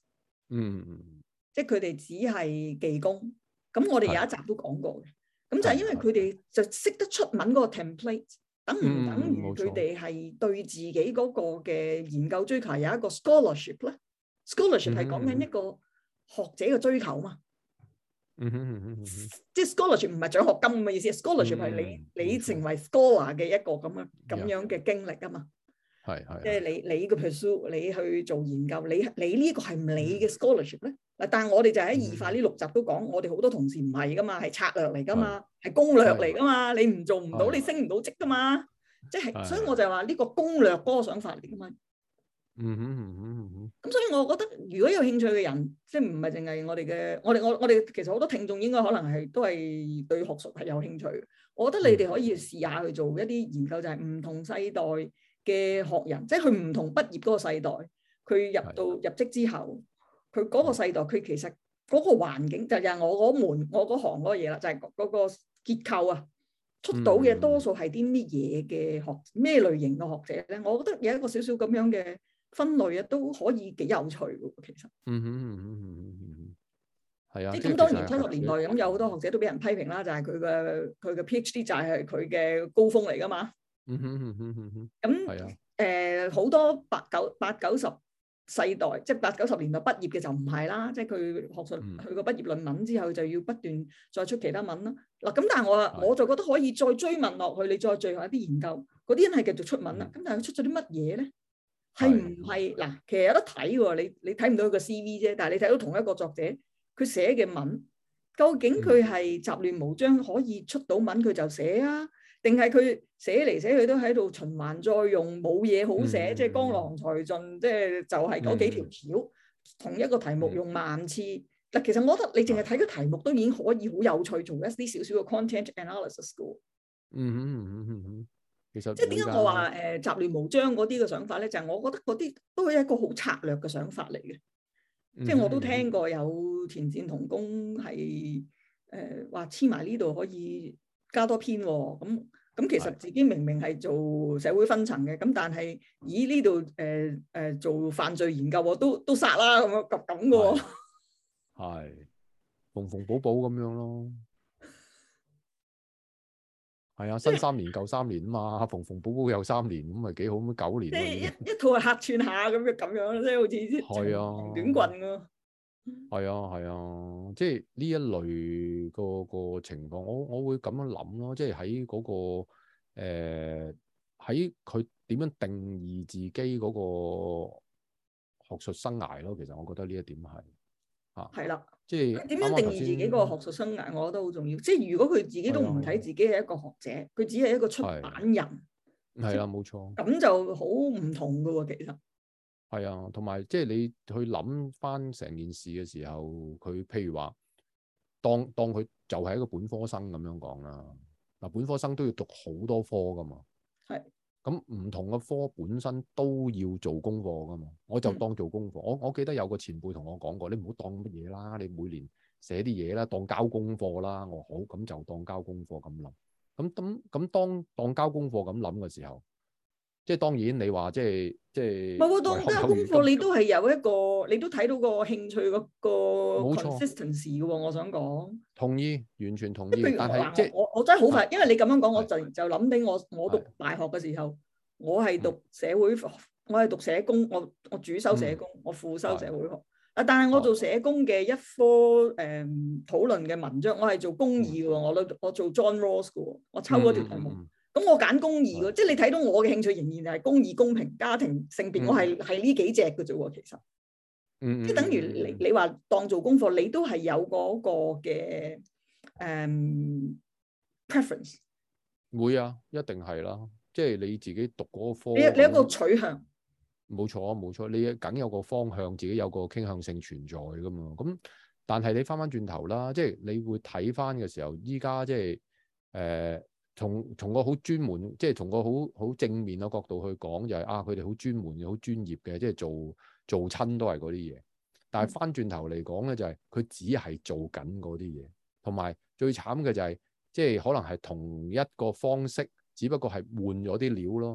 嗯，嗯，即係佢哋只係技工。咁我哋有一集都講過嘅，咁是就係因為佢哋就識得出文嗰個 template，等唔等於佢哋係對自己嗰個嘅研究追求有一個 scholarship 咧？scholarship 係講緊一個學者嘅追求嘛。嗯哼 即係 scholarship 唔係獎學金嘅意思 ，scholarship 係你你成為 scholar 嘅一個咁樣咁樣嘅經歷啊嘛。係係 Yeah.，即係你你個 pursuit，你去做研究，你你，個是是你呢個係唔係你嘅 scholarship 咧？嗱，但係我哋就喺異化呢六集都講，嗯、我哋好多同事唔係噶嘛，係策略嚟噶嘛，係是攻略嚟噶嘛，的你唔做唔到，的你升唔到職噶嘛，即、就、係、是，的所以我就係話呢個攻略嗰個想法嚟噶嘛。嗯咁、嗯嗯嗯、所以我覺得，如果有興趣嘅人，即係唔係淨係我哋嘅，我哋我我哋，其實好多聽眾應該可能係都係對學術係有興趣。我覺得你哋可以試下去做一啲研究，就係、是、唔同世代嘅學人，即係佢唔同畢、就是、業嗰個世代，佢入到入職之後。佢嗰個世代，佢其實嗰個環境就係、是、我嗰門、我嗰行嗰個嘢啦，就係、是、嗰個結構啊，出到嘅多數係啲咩嘢嘅學咩類型嘅學者咧？我覺得有一個少少咁樣嘅分類啊，都可以幾有趣喎，其實。嗯哼嗯嗯嗯嗯嗯。係、嗯、啊。即係咁，當然，其實其實七十年代咁，有好多學者都俾人批評啦，就係佢嘅佢嘅 PhD 就係佢嘅高峰嚟㗎嘛。嗯哼嗯嗯嗯嗯嗯。咁。係啊。好、呃、多八九八九十 世代即係八九十年代畢業嘅就唔係啦，即係佢學術佢個、嗯、畢業論文之後就要不斷再出其他文啦。嗱，咁但係我的我就覺得可以再追問落去，你再最後一啲研究，嗰啲人係繼續出文啦。咁、嗯、但係佢出咗啲乜嘢咧？係唔係嗱？的其實有得睇喎。你你睇唔到佢個 CV 啫，但係你睇到同一個作者佢寫嘅文，究竟佢係雜亂無章可以出到文佢就寫啊。定係佢寫嚟寫去都喺度循環再用，冇嘢好寫，嗯、即係江郎才盡，即係、嗯、就係嗰幾條橋，嗯、同一個題目用萬次。嗱、嗯，其實我覺得你淨係睇個題目都已經可以好有趣，做一啲少少嘅 content analysis 嘅、嗯。嗯嗯嗯嗯，其實即係點解我話誒雜亂無章嗰啲嘅想法咧，就係、是、我覺得嗰啲都係一個好策略嘅想法嚟嘅。即係我都聽過有田戰同工係誒話黐埋呢度可以。加多篇喎、哦，咁咁其實自己明明係做社會分層嘅，咁的但係以呢度誒誒做犯罪研究喎，都都殺啦咁樣咁嘅喎。係，縫縫補補咁樣咯。係啊的，新三年舊三年啊嘛，縫縫補補又三年，咁咪幾好？咁九年、啊、一套係客串下咁樣咁樣，即係好似短棍喎。係啊，係啊，即係呢一類個，個情況，我我會咁樣諗咯，即係喺嗰個誒，喺佢點樣定義自己嗰個學術生涯咯。其實我覺得呢一點係啊，係啦、啊，即係點樣定義自己嗰個學術生涯，我覺得好重要。即係如果佢自己都唔睇自己係一個學者，佢、啊、只係一個出版人，係啦、啊，冇錯、啊，咁就好唔同噶、啊，其實。係啊，同埋即係你去諗翻成件事嘅時候，佢譬如話當當佢就係一個本科生咁樣講啦。嗱，本科生都要讀好多科噶嘛，係是。咁唔同嘅科本身都要做功課噶嘛。我就當做功課。嗯、我我記得有個前輩同我講過，你唔好當乜嘢啦，你每年寫啲嘢啦，當交功課啦。我好，咁就當交功課咁諗。咁咁咁當當交功課咁諗嘅時候。即係當然，你話即係即係，我讀得功課，你都係有一個，你都睇到個興趣個個 consistency 嘅喎，我想講，同意，完全同意。但係即係我我真係好快，因為你咁樣講，我就就諗起我我讀大學嘅時候，我係讀社會學，我係讀社工，我我主修社工，我副修社會學。啊，但係我做社工嘅一科誒討論嘅文章，我係做公義嘅喎，我都我做 John Rawls 嘅喎，我抽嗰條題目，咁我揀公義嘅，即係你睇到我嘅興趣仍然係公義、公平、家庭、性別，我係係呢幾隻嘅啫喎，其實，嗯嗯、即等於你你話當做功課，你都係有嗰個嘅誒 preference。嗯、會啊，一定係啦，即係你自己讀嗰科，你你有一個取向。冇錯啊，冇錯，你梗有個方向，自己有個傾向性存在噶嘛。咁但係你翻翻轉頭啦，即係你會睇翻嘅時候，依家即係誒。呃從從個好專門，即係從個好好正面嘅角度去講，就係、是、啊，佢哋好專門、好專業嘅，即係做做親都係嗰啲嘢。但係翻轉頭嚟講咧，就係、是、佢只係做緊嗰啲嘢，同埋最慘嘅就係、是、即係可能係同一個方式，只不過係換咗啲料咯。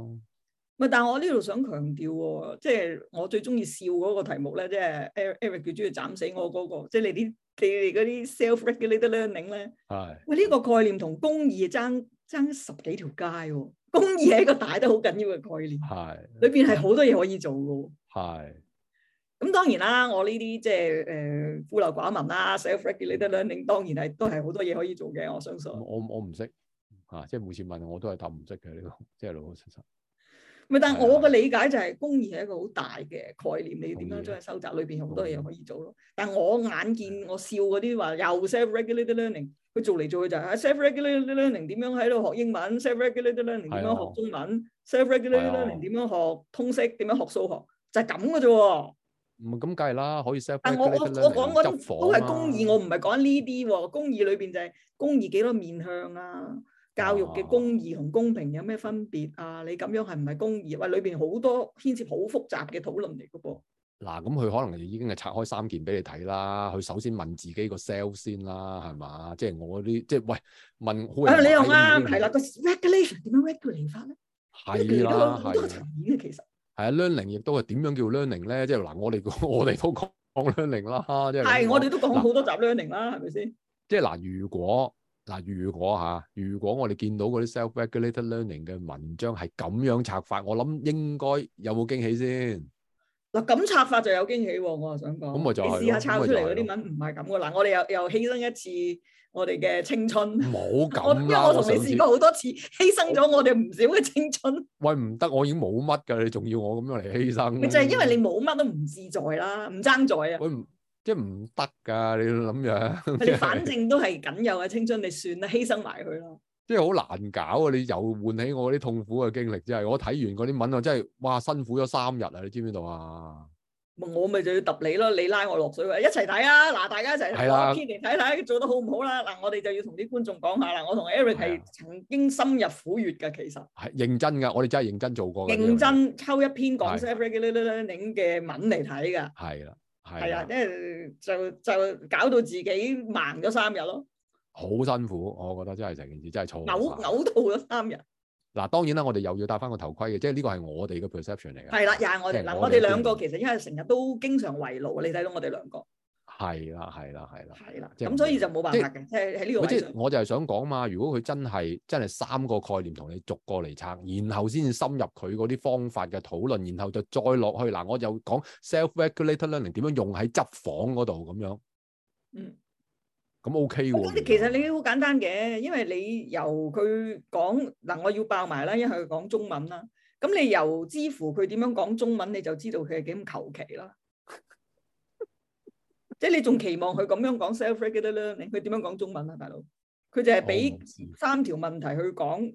唔係，但係我呢度想強調喎、哦，即、就、係、是、我最中意笑嗰個題目咧，即、就、係、是、Eric，Eric 佢中意斬死我嗰、那個，即、就、係、是、你啲你哋嗰啲 self-regulated learning 咧。係喂，呢的個概念同公義爭爭十幾條街喎、啊，公義係一個大得好緊要嘅概念，係是裏邊係好多嘢可以做噶喎，係咁是當然啦，我呢啲即係誒孤陋寡聞啦、啊、，self-regulated learning 當然係都係好多嘢可以做嘅，我相信。我我唔識吓，即係每次問我都係答唔識嘅呢個，即係老老實實。咪但係我嘅理解就係、是、公義係一個好大嘅概念，你點樣將佢收集？裏邊好多嘢可以做咯。但我眼見我笑嗰啲話又 self-regulated learning。佢做嚟做去就係 self-regulated learning 點樣喺度學英文 self-regulated learning 點樣學中文 self-regulated learning 點樣學通識，點樣的學數學，就係咁嘅啫喎。唔係咁計啦，可以 self-regulated learning。但我我我講嗰啲都係公義，我唔係講呢啲喎。公義裏邊就係公義幾多面向啊？教育嘅公義同公平有咩分別啊？啊你咁樣係唔係公義？話裏邊好多牽涉好複雜嘅討論嚟嘅噃。嗱，咁佢、啊、可能已經係拆開三件俾你睇啦。佢首先問自己個 sell 先啦，係嘛？即係我啲即係喂問好。你用啱係啦，個 regulation 點樣 regulate 法咧？係啦、啊，係啦、啊。好多層面嘅其實係啊，learning 亦、啊、都係點樣叫 learning 咧？即係嗱，我哋 我哋都講 learning 啦，即係係、啊、我哋都講好多集 learning 啦，係咪先？是是即係嗱、啊，如果嗱、啊、如果嚇、啊，如果我哋見到嗰啲 self-regulated learning 嘅文章係咁樣拆法，我諗應該有冇驚喜先？嗱，咁插法就有驚喜喎、啊！我啊想講， 你試下抄出嚟嗰啲文唔係咁嘅。嗱， 我哋又又犧牲一次我哋嘅青春，冇咁，因為我同你試過好多次，犧牲咗我哋唔少嘅青春。喂，唔得，我已經冇乜噶，你仲要我咁樣嚟犧牲？咪、嗯、 就係因為你冇乜都唔自在啦，唔爭在啊。喂，唔即係唔得噶，你要諗樣？你反正都係僅有嘅青春，你算啦，犧牲埋佢咯。即係好難搞啊！你又喚起我啲痛苦嘅經歷，真係我睇完嗰啲文啊，真係哇辛苦咗三日啊！你知唔知道啊？我咪就要揼你咯，你拉我落水，一齊睇啊！嗱，大家一齊攞篇嚟睇睇，做得好唔好啦？嗱，我哋就要同啲觀眾講下，嗱，我同 Eric 係曾經深入苦閲嘅，其實係認真㗎，我哋真係認真做過，認真抽一篇講 Eric 嘅文嚟睇㗎，係啦，係啊，即係就就搞到自己盲咗三日咯。好辛苦，我覺得真係成件事真係錯，嘔嘔吐咗三日。嗱，當然啦，我哋又要戴翻個頭盔嘅，即係呢個係我哋嘅 perception 嚟嘅。係啦的，又係我哋。嗱、呃，我哋兩個的其實因為成日都經常圍爐，你睇到我哋兩個。係啦，係啦，係啦。係啦的，咁的所以就冇辦法嘅，即係喺呢個上。即係我就係想講嘛，如果佢真係真係三個概念同你逐個嚟拆，然後先至深入佢嗰啲方法嘅討論，然後就再落去嗱，我就講 self-regulated learning 點樣用喺執房嗰度咁樣。嗯。咁 OK 喎、啊，嗰啲其實你好簡單嘅，因為你由佢講嗱，我要爆埋啦，因為佢講中文啦。咁你由知乎佢點樣講中文，你就知道佢係幾咁求其啦。 即係你仲期望佢咁樣講 selfie g 得啦？你佢點樣講中文啊，大佬？佢就係俾三條問題去講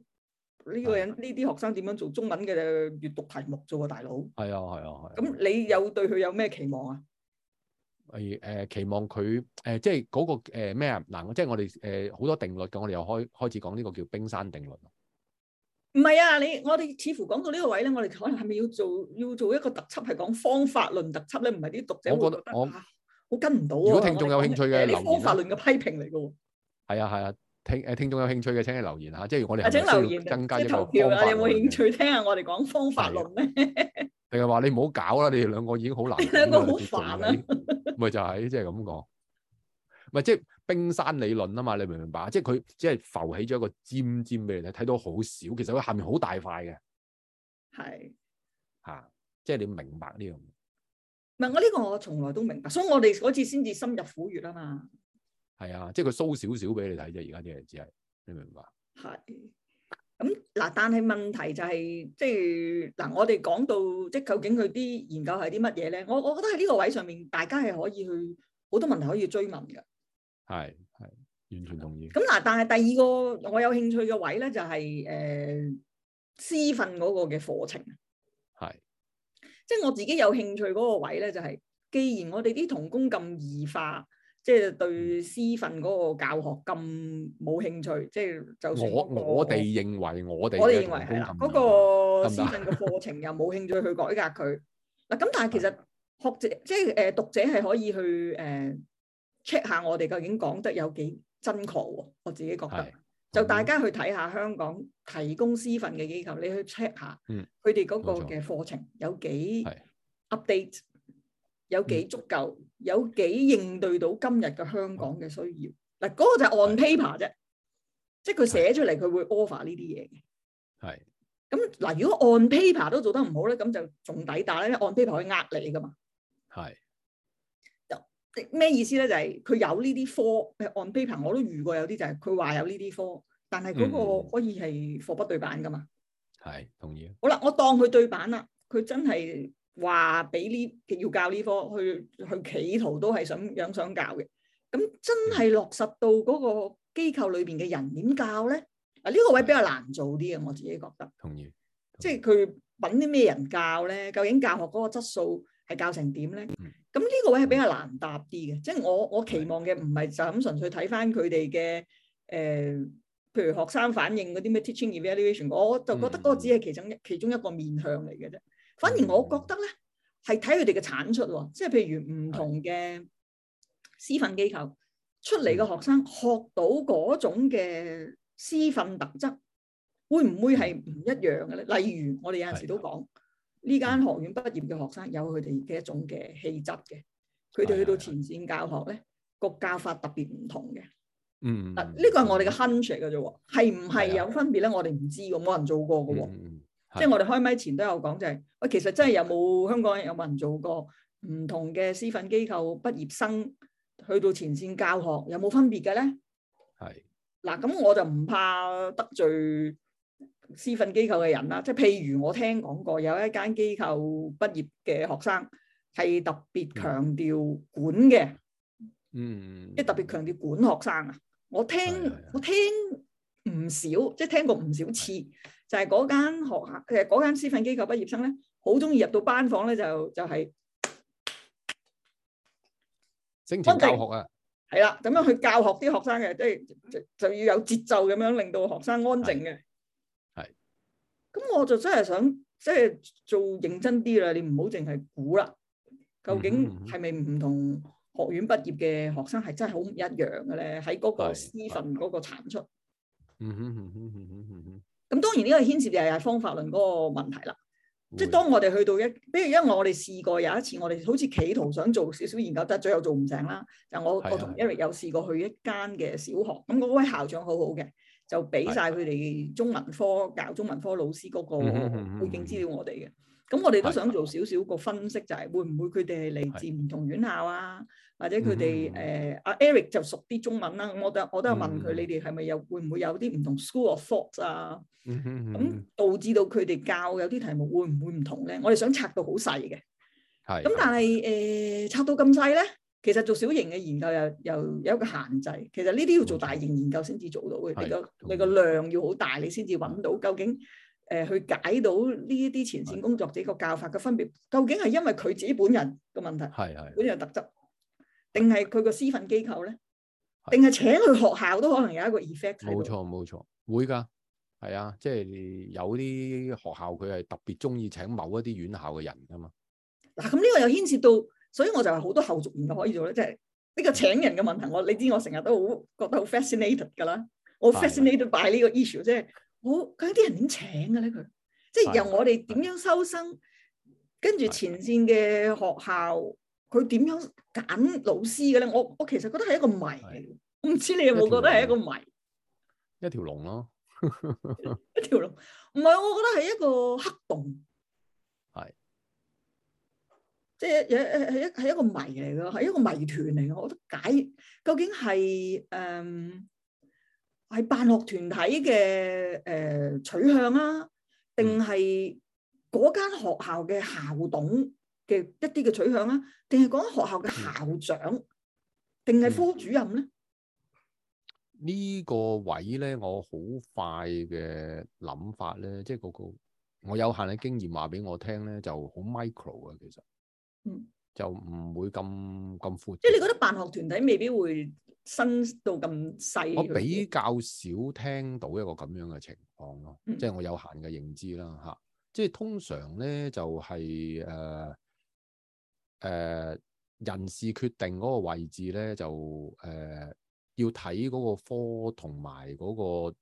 呢個人呢啲學生點樣做中文嘅閱讀題目做喎、啊，大佬。係啊，係啊，係。咁你有對佢有咩期望啊？係誒、呃，期望佢誒、呃，即係嗰、那個誒咩啊？嗱、呃，即係我哋誒好多定律嘅，我哋又開開始講呢個叫冰山定律。唔係啊，你我哋似乎講到呢個位咧，我哋可能係咪要做要做一個特輯，係講方法論特輯咧？唔係啲讀者覺我覺得我、啊、好跟唔到、啊、如果聽眾有興趣嘅、啊，方法論嘅批評嚟㗎。係啊係啊，聽誒聽眾有興趣嘅，請你留言吓、啊。即係我哋需要增加一個方法論、啊啊啊。你有冇興趣聽下我哋講方法論咧？你又話你唔好搞啦，你哋兩個已經好難，你兩個好煩啊是是，咪就係、是、即係咁講，咪即係冰山理論啊嘛，你明唔明白？即係佢即係浮起咗一個尖尖俾你睇睇到好少，其實佢下面好大塊嘅，係是，吓、啊，即係你明白呢樣？唔係我呢個我從來都明白，所以我哋嗰次先至深入虎穴啊嘛，係啊，即係佢 show 少少俾你睇啫，而家啲人只係你明唔明白？係。咁嗱、嗯，但係問題就係、是，即係嗱，我哋講到即係究竟佢啲研究係啲乜嘢咧？我我覺得喺呢個位上面，大家係可以去好多問題可以追問嘅。係係，完全同意。咁嗱、嗯嗯，但係第二個我有興趣嘅位咧，就係、是、誒、呃、私訓嗰個嘅課程。係是，即係我自己有興趣嗰個位咧，就係、是、既然我哋啲同工咁異化。即係對師訓嗰個教學咁冇興趣，即係就算，那個，我我哋認為我哋我哋認為係啦，嗰個師訓嘅課程又冇興趣去改革佢嗱。咁 但係其實學者即係誒讀者係可以去誒，uh, check 下我哋究竟講得有幾真確喎。我自己覺得是就大家去睇下香港提供師訓嘅機構，你去 check 下佢哋嗰個嘅課程有幾 update。嗯有幾足夠，有幾應對到今日嘅香港嘅需要嗱，嗰、那個就係 on paper 啫，的即係佢寫出嚟佢會 offer 呢啲嘢嘅。係的。咁嗱，如果 on paper 都做得唔好咧，咁就仲抵打咧。on paper 去呃你噶嘛。係的。咩意思咧？就係、是、佢有呢啲科 on paper 我都遇過有啲就係佢話有呢啲科，但係嗰個可以係貨不對版噶嘛。係，同意。好啦，我當佢對版啦，佢真係。話俾呢要教呢科去去企圖都係想樣想教嘅，咁真係落實到嗰個機構裏邊嘅人點教咧？啊、這、呢個位比較難做啲嘅，我自己覺得。同意，同意即係佢揾啲咩人教咧？究竟教學嗰個質素係教成點咧？咁呢、嗯、個位係比較難答啲嘅。即、就、係、是、我我期望嘅唔係就咁純粹睇翻佢哋嘅誒，譬如學生反映嗰啲咩 teaching evaluation，我就覺得嗰個只係其中一、嗯、其中一個面向嚟嘅啫。反而我覺得咧，係睇佢哋嘅產出喎、啊，即係譬如唔同嘅師訓機構出嚟嘅學生，學到嗰種嘅師訓特質，會唔會係唔一樣嘅咧？例如我哋有陣時都講，呢間的學院畢業嘅學生有佢哋嘅一種嘅氣質嘅，佢哋去到前線教學咧，個的教法特別唔同嘅。嗯，嗱呢個係我哋嘅 hunch 嘅啫喎，係唔係有分別咧的？我哋唔知嘅，冇人做過嘅喎、啊。嗯即係我哋開咪前都有講、就是，就係我其實真係有冇香港人有冇人做過唔同嘅師訓機構畢業生去到前線教學有冇分別嘅咧？係嗱是，咁我就唔怕得罪師訓機構嘅人啦。即係譬如我聽講過有一間機構畢業嘅學生係特別強調管嘅、嗯，嗯，即、嗯、係特別強調管學生啊！我聽的我聽唔少，的即係聽過唔少次。就係嗰間學校，其實嗰間師訓機構畢業生咧，好中意入到班房咧，就就係靜靜教學啊，係啦，咁樣去教學啲學生嘅，即係就要有節奏咁樣令到學生安靜嘅。係。咁我就真係想即係做認真啲啦，你唔好淨係估啦，究竟係咪唔同學院畢業嘅學生係真係好唔一樣嘅咧？喺嗰個師訓嗰個產出。嗯嗯嗯嗯嗯嗯嗯。咁當然呢個牽涉又係方法論嗰個問題啦，會 即係當我哋去到一，比如因為我哋試過有一次，我哋好似企圖想做少少研究，得係又做唔成啦。就我的我同 Eric 有試過去一間嘅小學，咁嗰位校長好好嘅，就俾晒佢哋中文科的教中文科老師嗰個背景資料我哋嘅。嗯嗯嗯咁我哋都想做少少個分析，就係會唔會佢哋係嚟自唔同院校啊，或者佢哋誒阿 Eric 就熟啲中文啦。咁我我都問佢：你哋係咪有會唔會有啲唔同 School of Thought 啊？咁導致到佢哋教有啲題目會唔會唔同咧？我哋想拆到好細嘅。係。咁但係誒拆到咁細咧，其實做小型嘅研究又又有一個限制。其實呢啲要做大型研究先至做到嘅，你個你個量要好大，你先至揾到究竟。誒去解到呢一啲前線工作者個教法嘅分別，的究竟係因為佢自己本人嘅問題，係係的本人特質，定係佢個私訓機構咧？定係的請去學校都可能有一個 effect？冇錯冇錯，會㗎，係啊，即係有啲學校佢係特別鍾意請某一啲院校嘅人㗎嘛。嗱咁呢個又牽涉到，所以我就話好多後續唔夠可以做咧，即係呢個請人嘅問題。我你知我成日都好覺得好 fascinated 㗎啦，我 fascinated by 呢個 issue 即係的。好究竟啲人點請嘅咧佢，即係由我哋點樣收生，的跟住前線嘅學校佢點的樣揀老師嘅咧？我我其實覺得係一個謎嚟嘅，的我唔知你有冇覺得係一個謎，一條龍咯， 一條條龍龍，唔 係，我覺得係一個黑洞，係的，即係係係係一個謎嚟嘅，係一個謎團嚟嘅，我覺得解究竟係誒。嗯係辦學團體嘅誒取向啊，定係嗰間學校嘅校董嘅一啲嘅取向啊，定係講學校嘅校長，定係科主任咧？呢個位咧，我好快嘅諗法咧，即係嗰個我有限嘅經驗話俾我聽咧，就好 micro 啊，其實，嗯，就唔會咁咁寬。即係你覺得辦學團體未必會？新到咁細，細我比較少聽到一個咁樣嘅情況咯，嗯、即係我有限嘅認知啦嚇、啊。即係通常咧就係誒誒人事決定嗰個位置咧就誒、呃、要睇嗰個科同埋嗰個誒、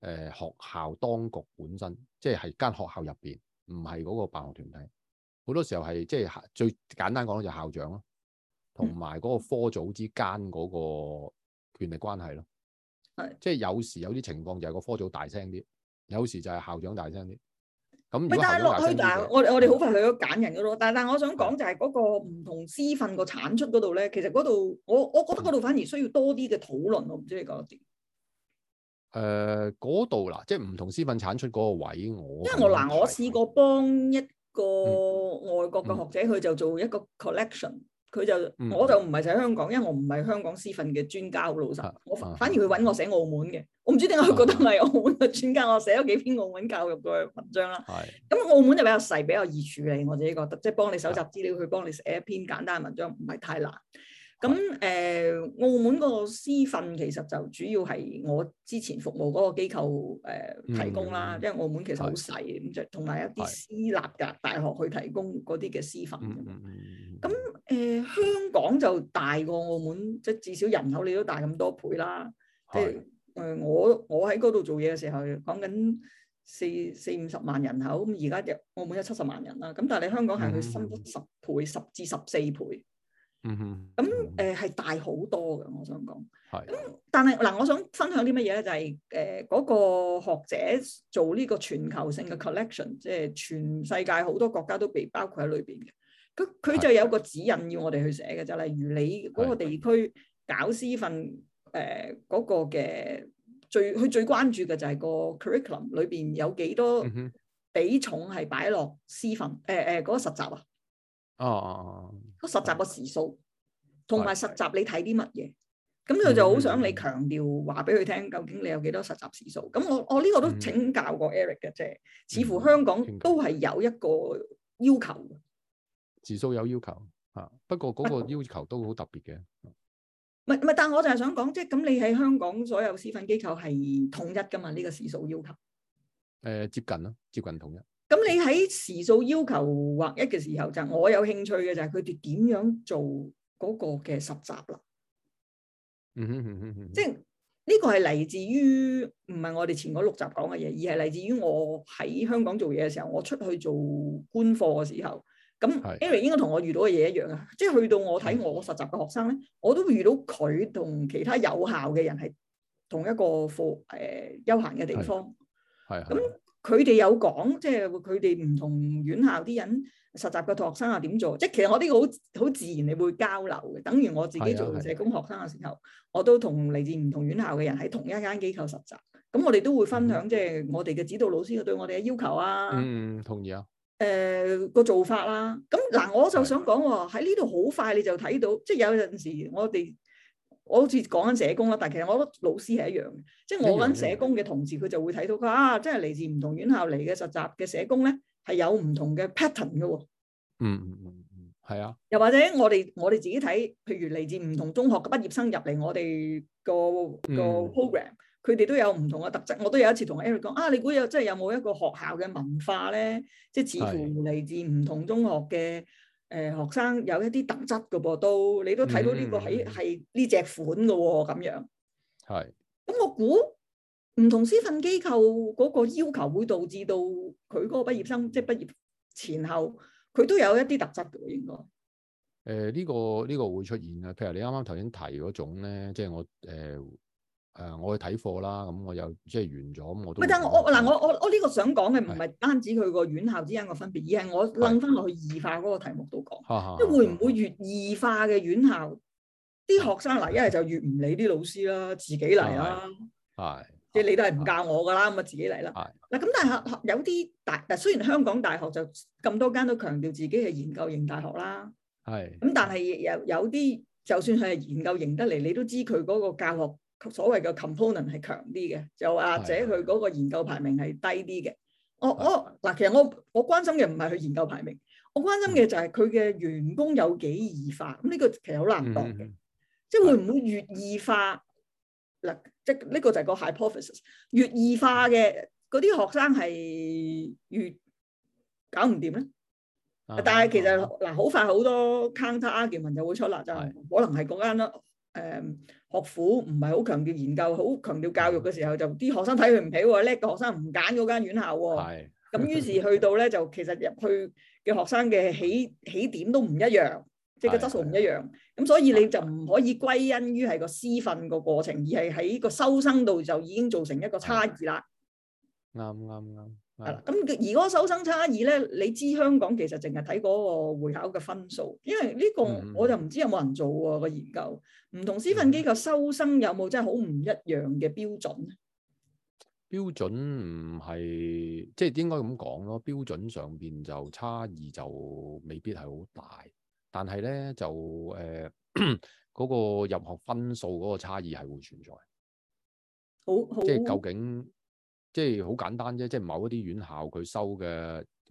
呃、學校當局本身，即係係間學校入邊，唔係嗰個辦學團體。好多時候係即係最簡單講咧就校長咯。同埋嗰個科組之間嗰個權力關係咯，係的即係有時有啲情況就係個科組大聲啲，有時就係校長大聲啲。咁是，但係落去，但係我哋我哋好快去咗揀人嘅咯。嗯、但係，但係我想講就係嗰個唔同私訓個產出嗰度咧，其實嗰度我我覺得嗰度反而需要多啲嘅討論、嗯、我唔知你覺得點？誒、呃，嗰度嗱，即係唔同私訓產出嗰個位，我因為我嗱，我試過幫一個外國嘅學者，佢就做一個 collection。嗯嗯嗯嗯嗯嗯嗯佢就、嗯、我就唔係就香港，因為我唔係香港師訓嘅專家好老實，啊、我反而佢揾我寫澳門嘅，我唔知點解佢覺得係澳門嘅專家，啊、我寫咗幾篇澳門教育嘅文章啦。咁是澳門就比較細，比較易處理，我自己覺得，即、就、係、是、幫你搜集資料，去幫你寫一篇簡單嘅文章，唔係太難。咁誒、呃，澳門嗰個私訓其實就主要係我之前服務嗰個機構、呃、提供啦，嗯、因為澳門其實好細咁，就同埋一啲私立嘅大學去提供嗰啲嘅私訓。咁誒、嗯嗯呃，香港就大過澳門，即係至少人口你都大咁多倍啦。嗯、即係誒、呃，我我喺嗰度做嘢嘅時候，講緊四四五十萬人口，咁而家就澳門有七十萬人啦。咁但係你香港係佢深十倍、嗯、十至十四倍。嗯哼，咁誒係大好多嘅，我想講。係咁的、嗯，但係嗱、呃，我想分享啲乜嘢咧？就係誒嗰個學者做呢個全球性嘅 collection，即係全世界好多國家都被包括喺裏邊嘅。咁佢就有個指引要我哋去寫嘅，就的例如你嗰個地區搞師訓，誒嗰個嘅最，佢最關注嘅就係個 curriculum 裏邊有幾多比重係擺落師訓，誒誒嗰個實習啊。哦、啊。個實習個時數同埋實習你睇啲乜嘢，咁佢是就好想你強調話俾佢聽，究竟你有幾多實習時數？咁我我呢、呢個都請教過 Eric 嘅啫，嗯、似乎香港都係有一個要求嘅、嗯、時數有要求嚇，不過嗰個要求都好特別嘅。唔係唔係，但係我就係想講，即係咁你喺香港所有師訓機構係統一噶嘛？呢、呢個時數要求？誒、呃，接近咯，接近統一。咁你喺時數要求或一嘅時候，就係、我有興趣嘅就係佢哋點樣做嗰個嘅實習啦。嗯嗯嗯嗯，即係呢個係嚟自於唔係我哋前嗰六集講嘅嘢，而係嚟自於我喺香港做嘢嘅時候，我出去做官課嘅時候。咁 Ellie 應該同我遇到嘅嘢一樣啊，是即係去到我睇我實習嘅學生咧，是我都會遇到佢同其他有效嘅人係同一個課誒、呃、休閒嘅地方。係係。那佢哋有講，即係佢哋唔同院校啲人實習嘅學生係點做？即係其實我呢個好好自然你會交流嘅，等於我自己做社工學生嘅時候，我都同嚟自唔同院校嘅人喺同一間機構實習，咁我哋都會分享、嗯、即係我哋嘅指導老師對我哋嘅要求啊。嗯，同意啊。誒、呃，個做法啦、啊，咁嗱，我就想講喎，喺呢度好快你就睇到，即係有陣時我哋。我好似講緊社工啦，但係其實我覺得老師係一樣嘅，即係我諗社工嘅同事佢就會睇到佢啊，即係嚟自唔同院校嚟嘅實習嘅社工咧，係有唔同嘅 pattern 嘅喎。嗯嗯，係啊。又或者我哋我哋自己睇，譬如嚟自唔同中學嘅畢業生入嚟我哋、嗰個個 program，佢哋、嗯、都有唔同嘅特質。我都有一次同 Eric 講啊，你估有即係有冇一個學校嘅文化咧？即係似乎嚟自唔同中學嘅。誒學生有一啲特質嘅噃，都你都睇到呢個喺係呢隻款嘅喎，咁、嗯嗯、樣。係。咁我估唔同師訓機構嗰個要求會導致到佢嗰個畢業生，即、就、係、是、畢業前後，佢都有一啲特質嘅應該。誒呢、呃這個呢、這個會出現啊，譬如你啱啱頭先提嗰種咧，即、就、係、是、我誒。呃誒、呃，我去睇課啦，咁、嗯、我又即係完咗，咁、嗯、我都。唔但我嗱，我我我呢個想講嘅唔係單止佢個院校之間個分別，是而係我擰翻落去異化嗰個題目度講，即係是會唔會越異化嘅院校，啲是學生嚟一係就越唔理啲老師啦，自己嚟啦，即係你都係唔教我噶啦，咁啊是自己嚟啦。嗱是，咁但係學有啲大，嗱雖然香港大學就咁多間都強調自己係研究型大學啦，係是，咁但係有有啲就算佢係研究型得嚟，你都知佢嗰個教學。所謂嘅 component 係強啲嘅，就或者佢嗰個研究排名係低啲嘅。我我嗱，oh, oh, 其實我我關心嘅唔係佢研究排名，我關心嘅就係佢嘅員工有幾易化。咁呢個其實好難講嘅，嗯嗯、即係會唔會越易化？嗱、嗯，即係呢個就係個 hypothesis。越易化嘅嗰啲學生係越搞唔掂咧。嗯、但係其實嗱，好、嗯啊、快好多 counterargument 就會出啦，就係、可能係嗰間咯，嗯學府唔係好強調研究，好強調教育嘅時候，就啲學生睇佢唔起喎，叻嘅學生唔揀嗰間院校喎，咁是於是去到咧，就其實入去嘅學生嘅起起點都唔一樣，即係個質素唔一樣，咁的所以你就唔可以歸因於係個私訓個過程，的而係喺個收生度就已經造成一個差異啦。啱啱啱。係啦，咁、 嗯嗯、而嗰個收生差異咧，你知香港其實淨係睇嗰個會考嘅分數，因為呢個我就唔知有冇人做過個研究，唔同私憲機構收生有冇真係好唔一樣嘅標準咧，嗯嗯。標準唔係即係應該咁講咯，標準上面就差異就未必係好大，但係咧就誒嗰，呃嗰個入學分數嗰個差異係會存在，好即係究竟，即係好簡單啫，即係某一啲院校佢收嘅，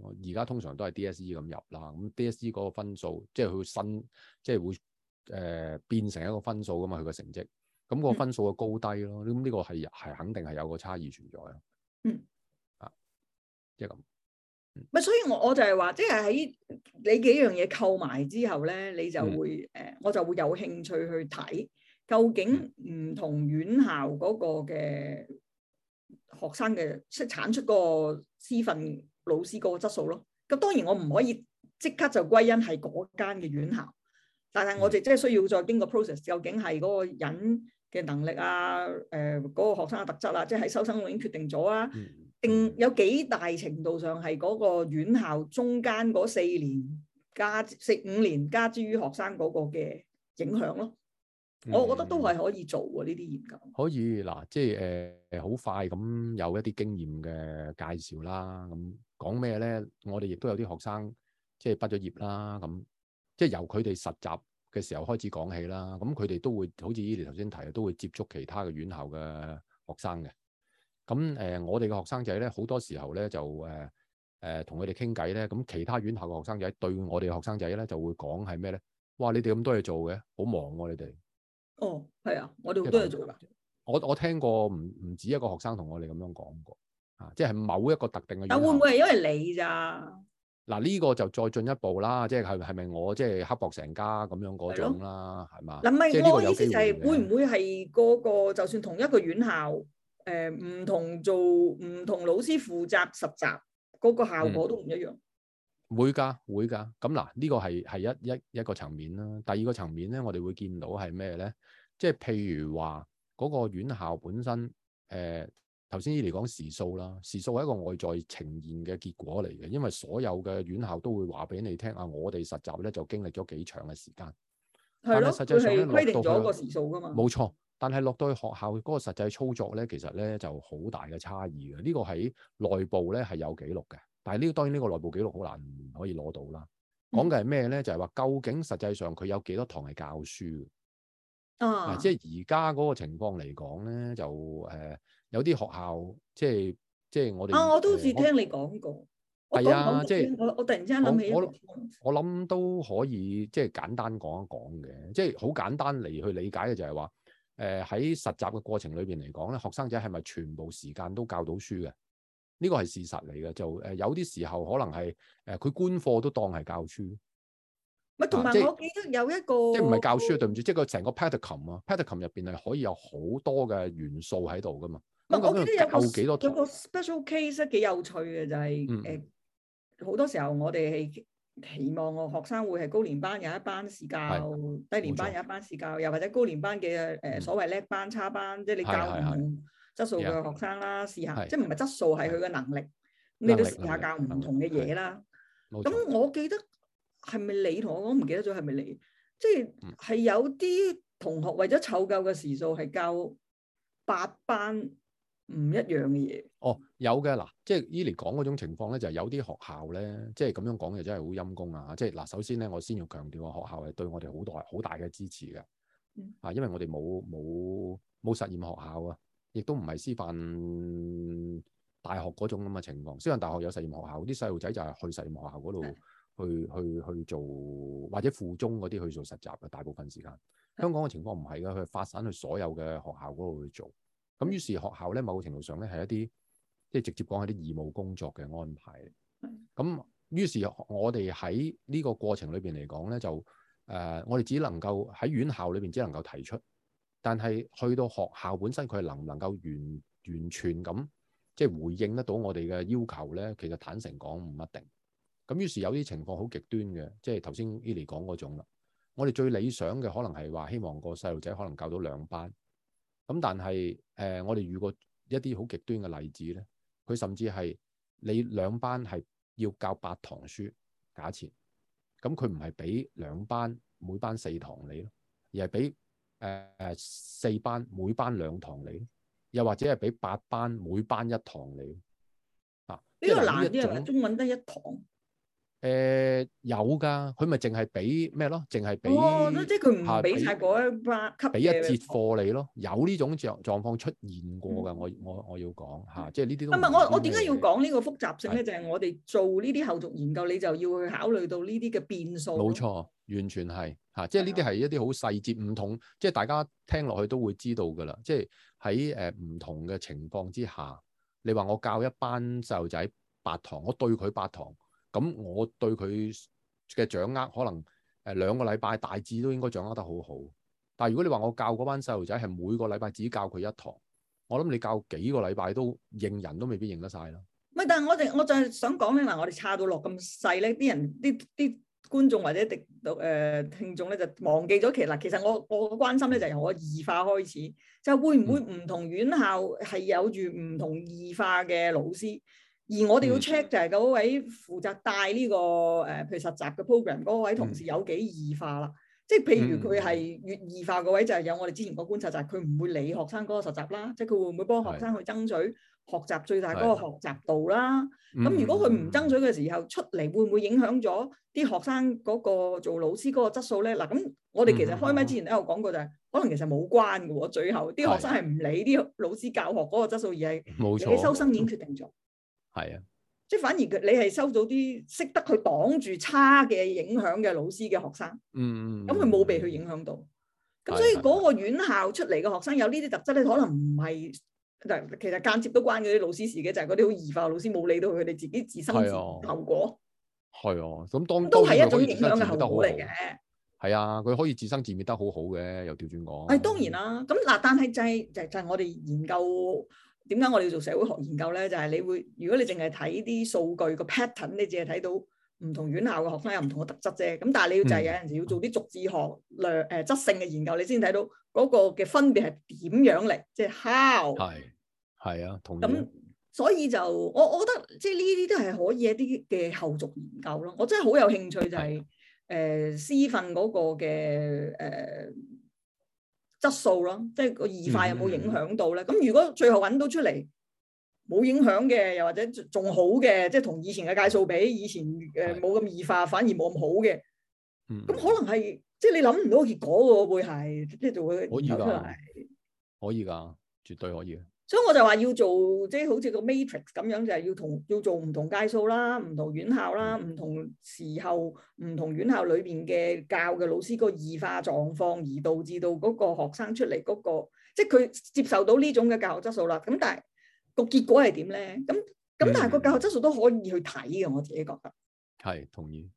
而家通常都係 DSE 咁入啦。咁 DSE 嗰個分數，即係佢新，即係會誒、呃、變成一個分數噶嘛，佢個成績。咁個分數嘅高低咯，咁呢、嗯、個係係肯定係有個差異存在、嗯、啊、就係。嗯。啊，即係咁。咪所以我我就係話，即係喺你幾樣嘢扣埋之後咧，你就會誒，嗯、我就會有興趣去睇，究竟唔同院校嗰個嘅、嗯。學生嘅即產出個師訓老師嗰個質素咯，咁當然我唔可以即刻就歸因係嗰間嘅院校，但係我哋即係需要再經過 process，究竟係嗰個人嘅能力啊，誒、呃、嗰、嗰個學生嘅特質啊，即係喺收生已經決定咗啊，定有幾大程度上係嗰個院校中間嗰四年加四五年加之於學生嗰個嘅影響咯。我我覺得都係可以做嘅呢啲研究，嗯、可以嗱、啊，即係誒，好、呃、快咁有一啲經驗嘅介紹啦。咁講咩咧？我哋亦都有啲學生即係畢咗業啦。咁、嗯、即係由佢哋實習嘅時候開始講起啦。咁佢哋都會好似依啲頭先提，都會接觸其他嘅院校嘅學生嘅。咁誒，我哋嘅學生仔咧，好多時候咧就誒誒同佢哋傾偈咧。咁其他院校嘅學、嗯呃學、呃呃嗯、學生仔對我哋學生仔咧就會講係咩咧？哇，你哋咁多嘢做嘅，好忙哦、啊，你哋。哦，係啊，我哋好多嘢做噶。我我聽過唔唔止一個學生同我哋咁樣講過，啊，即係某一個特定嘅。但會唔會係因為你咋？嗱呢個就再進一步啦，即係係咪我即係刻薄成家咁樣嗰種啦？係嘛、啊？嗱吧，唔係我嘅意思就係會唔會係嗰、那個就算同一個院校，誒、呃、唔同做唔同老師負責實習，嗰、那個效果都唔一樣。嗯會噶，會噶。咁嗱，呢個係係一一一,一個層面啦。第二個層面咧，我哋會見到係咩咧？即係譬如話嗰個院校本身，誒頭先嚟講時數啦，時數係一個外在呈現嘅結果嚟嘅，因為所有嘅院校都會話俾你聽啊，我哋實習咧就經歷咗幾長嘅時間。係咯，佢係規定咗個時數噶嘛。冇錯，但係落到去學校嗰個實際操作咧，其實咧就好大嘅差異嘅。呢個喺內部咧係有記錄嘅。但係、這、呢個當然呢個內部記錄好難可以攞到啦。講嘅係咩咧？就係、是、話究竟實際上佢有幾多堂係教書嘅？啊！即係而家嗰個情況嚟講咧，就誒、呃、有啲學校即係即係我哋啊，我都好似聽你講過。係啊，即係我我突然之間諗起，我我諗都可以即係簡單講一講嘅，即係好簡單嚟去理解嘅就係話誒喺實習嘅過程裏邊嚟講咧，學生仔係咪全部時間都教到書嘅？呢個係事實嚟嘅，就誒有啲時候可能係誒佢官課都當係教書。咪同埋我記得有一個，即係唔係教書啊對唔住，即係個成個 pattern 啊，pattern 入邊係可以有好多嘅元素喺度噶嘛。唔係我記得有個個 special case 啊，幾有趣嘅就係誒好多時候我哋係期望個學生會係高年班有一班試教，低年班有一班試教，又或者高年班嘅誒所謂叻班差班，即係你教質素嘅學生啦，Yeah. 試下是即係唔係質素係佢嘅能力，能力你都試下教唔同嘅嘢啦。咁我記得係咪你同我講，我唔記得咗係咪你？即係係有啲同學為咗湊夠嘅時數，係教八班唔一樣嘅嘢。哦，有嘅嗱，即係 Eli 講嗰種情況咧，就係、是、有啲學校咧，即係咁樣講嘅，真係好陰功啊！即係嗱，首先咧，我先要強調啊，學校係對我哋好大好大嘅支持嘅啊，因為我哋冇冇冇實驗學校啊。亦都唔係師範大學嗰種咁嘅情況，師範大學有實驗學校，啲細路仔就係去實驗學校嗰度去的去去，去做，或者附中嗰啲去做實習嘅大部分時間。香港嘅情況唔係㗎，佢發散去所有嘅學校嗰度去做。咁於是學校咧，某程度上咧係一啲，即、就、係、是、直接講係啲義務工作嘅安排。咁於是我哋喺呢個過程裏邊嚟講咧，就誒、呃，我哋只能夠喺院校裏邊只能夠提出。但係去到學校本身，佢能唔能夠完完全咁即係回應得到我哋嘅要求咧？其實坦誠講唔一定。咁於是有啲情況好極端嘅，即係頭先 Elly 講嗰種啦。我哋最理想嘅可能係話希望個細路仔可能教到兩班。咁但係誒、呃，我哋遇過一啲好極端嘅例子咧，佢甚至係你兩班係要教八堂書，假設咁佢唔係俾兩班每班四堂你咯，而係俾。誒誒、呃，四班每班兩堂嚟，又或者係俾八班每班一堂嚟，啊呢個難啲人啊，中文得一堂。誒、呃、有㗎，佢咪淨係俾咩咯？淨係俾，即係佢唔係俾曬嗰一班，俾一節課你咯。有呢種狀狀況出現過㗎、嗯，我我我要講嚇、啊，即係呢啲。唔係我我點解要講呢個複雜性咧？是的 就係我哋做呢啲後續研究，你就要去考慮到呢啲嘅變數。冇錯，完全係嚇、啊，即係呢啲係一啲好細節，唔同，即係大家聽落去都會知道㗎啦。即係喺誒唔同嘅情況之下，你話我教一班細路仔八堂，我對佢八堂。咁我對佢嘅掌握可能誒兩個禮拜大致都應該掌握得好好，但係如果你話我教嗰班細路仔係每個禮拜只教佢一堂，我諗你教幾個禮拜都認人都未必認得晒啦。唔係，但係我哋我就係想講咧，嗱，我哋、啊、差到落咁細咧，啲人啲啲觀眾或者讀誒、呃、聽眾咧就忘記咗其實其實我我嘅關心咧就係由我異化開始，就係會唔會唔同院校係有住唔同異化嘅老師？嗯而我哋要 check 就係嗰位負責帶呢、這個誒、呃，譬如實習嘅 program 嗰位同事有幾異化啦。即係譬如佢係越異化嗰位，就係、是、有我哋之前個觀察就係佢唔會理學生嗰個實習啦。即係佢會唔會幫學生去爭取學習最大嗰個學習度啦？咁的如果佢唔爭取嘅時候出嚟，會唔會影響咗啲學生嗰個做老師嗰個質素咧？嗱、啊，咁我哋其實開咪之前都有講過、就是，就係、嗯、可能其實冇關㗎喎。最後啲學生係唔理啲老師教學嗰個質素而係自己收生已經決定咗。係啊，即係反而你係收到啲識得去擋住差嘅影響嘅老師嘅學生，咁佢冇被佢影響到，咁、嗯、所以嗰個院校出嚟嘅學生有呢啲特質咧，可能唔係嗱，啊、其實間接都關嗰啲老師事嘅，就係嗰啲好異化嘅老師冇理到佢哋自己自生自滅嘅後果。係啊，咁當都係一種影響嘅後果嚟嘅。係啊，佢可以自生自滅得好好嘅，又調轉講。誒、啊，當然啦、啊，咁嗱，但係就係、是、就就是、我哋研究。點解我哋要做社會學研究咧？就係、是、你會，如果你淨係睇啲數據個 pattern，你淨係睇到唔同院校嘅學生有唔同嘅特質啫。咁但係你要就係有陣時要做啲逐字學量誒、嗯、質性嘅研究，你先睇到嗰個嘅分別係點樣嚟？即、就、係、是、how？係係啊，同咁所以就我我覺得即係呢啲都係可以一啲嘅後續研究咯。我真係好有興趣就係、是、誒、啊呃、師訓嗰個嘅誒。呃質素咯，即係個異化有冇影響到咧？咁、嗯、如果最後揾到出嚟冇影響嘅，又或者仲好嘅，即係同以前嘅介數比，以前誒冇咁異化，反而冇咁好嘅，咁、嗯、可能係即係你諗唔到結果喎，會係即係就會出嚟，可以㗎，可以㗎，絕對可以。所以我就話要做即係好似個 matrix 咁樣，就係、係、要同要做唔同階數啦、唔同院校啦、唔同時候、唔同院校裏邊嘅教嘅老師個異化狀況，而導致到嗰個學生出嚟嗰、嗰個，即係佢接受到呢種嘅教學質素啦。咁但係、嗰個結果係點咧？咁咁但係個教學質素都可以去睇嘅，我自己覺得係同意。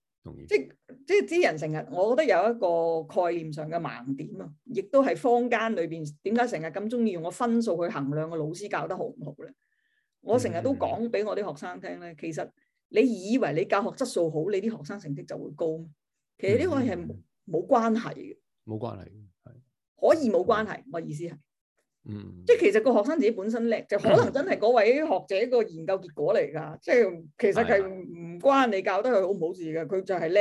即即啲人成日，我覺得有一個概念上嘅盲點啊，亦都係坊間裏邊點解成日咁中意用個分數去衡量個老師教得好唔好咧？我成日都講俾我啲學生聽咧，其實你以為你教學質素好，你啲學生成績就會高，其實呢個係冇關係嘅，冇關係嘅，係可以冇關係。我意思係。嗯，嗯，即係其實個學生自己本身叻，就可能真係嗰位學者個研究結果嚟噶 即係其實係唔關你教得佢好唔好事噶，佢就係叻，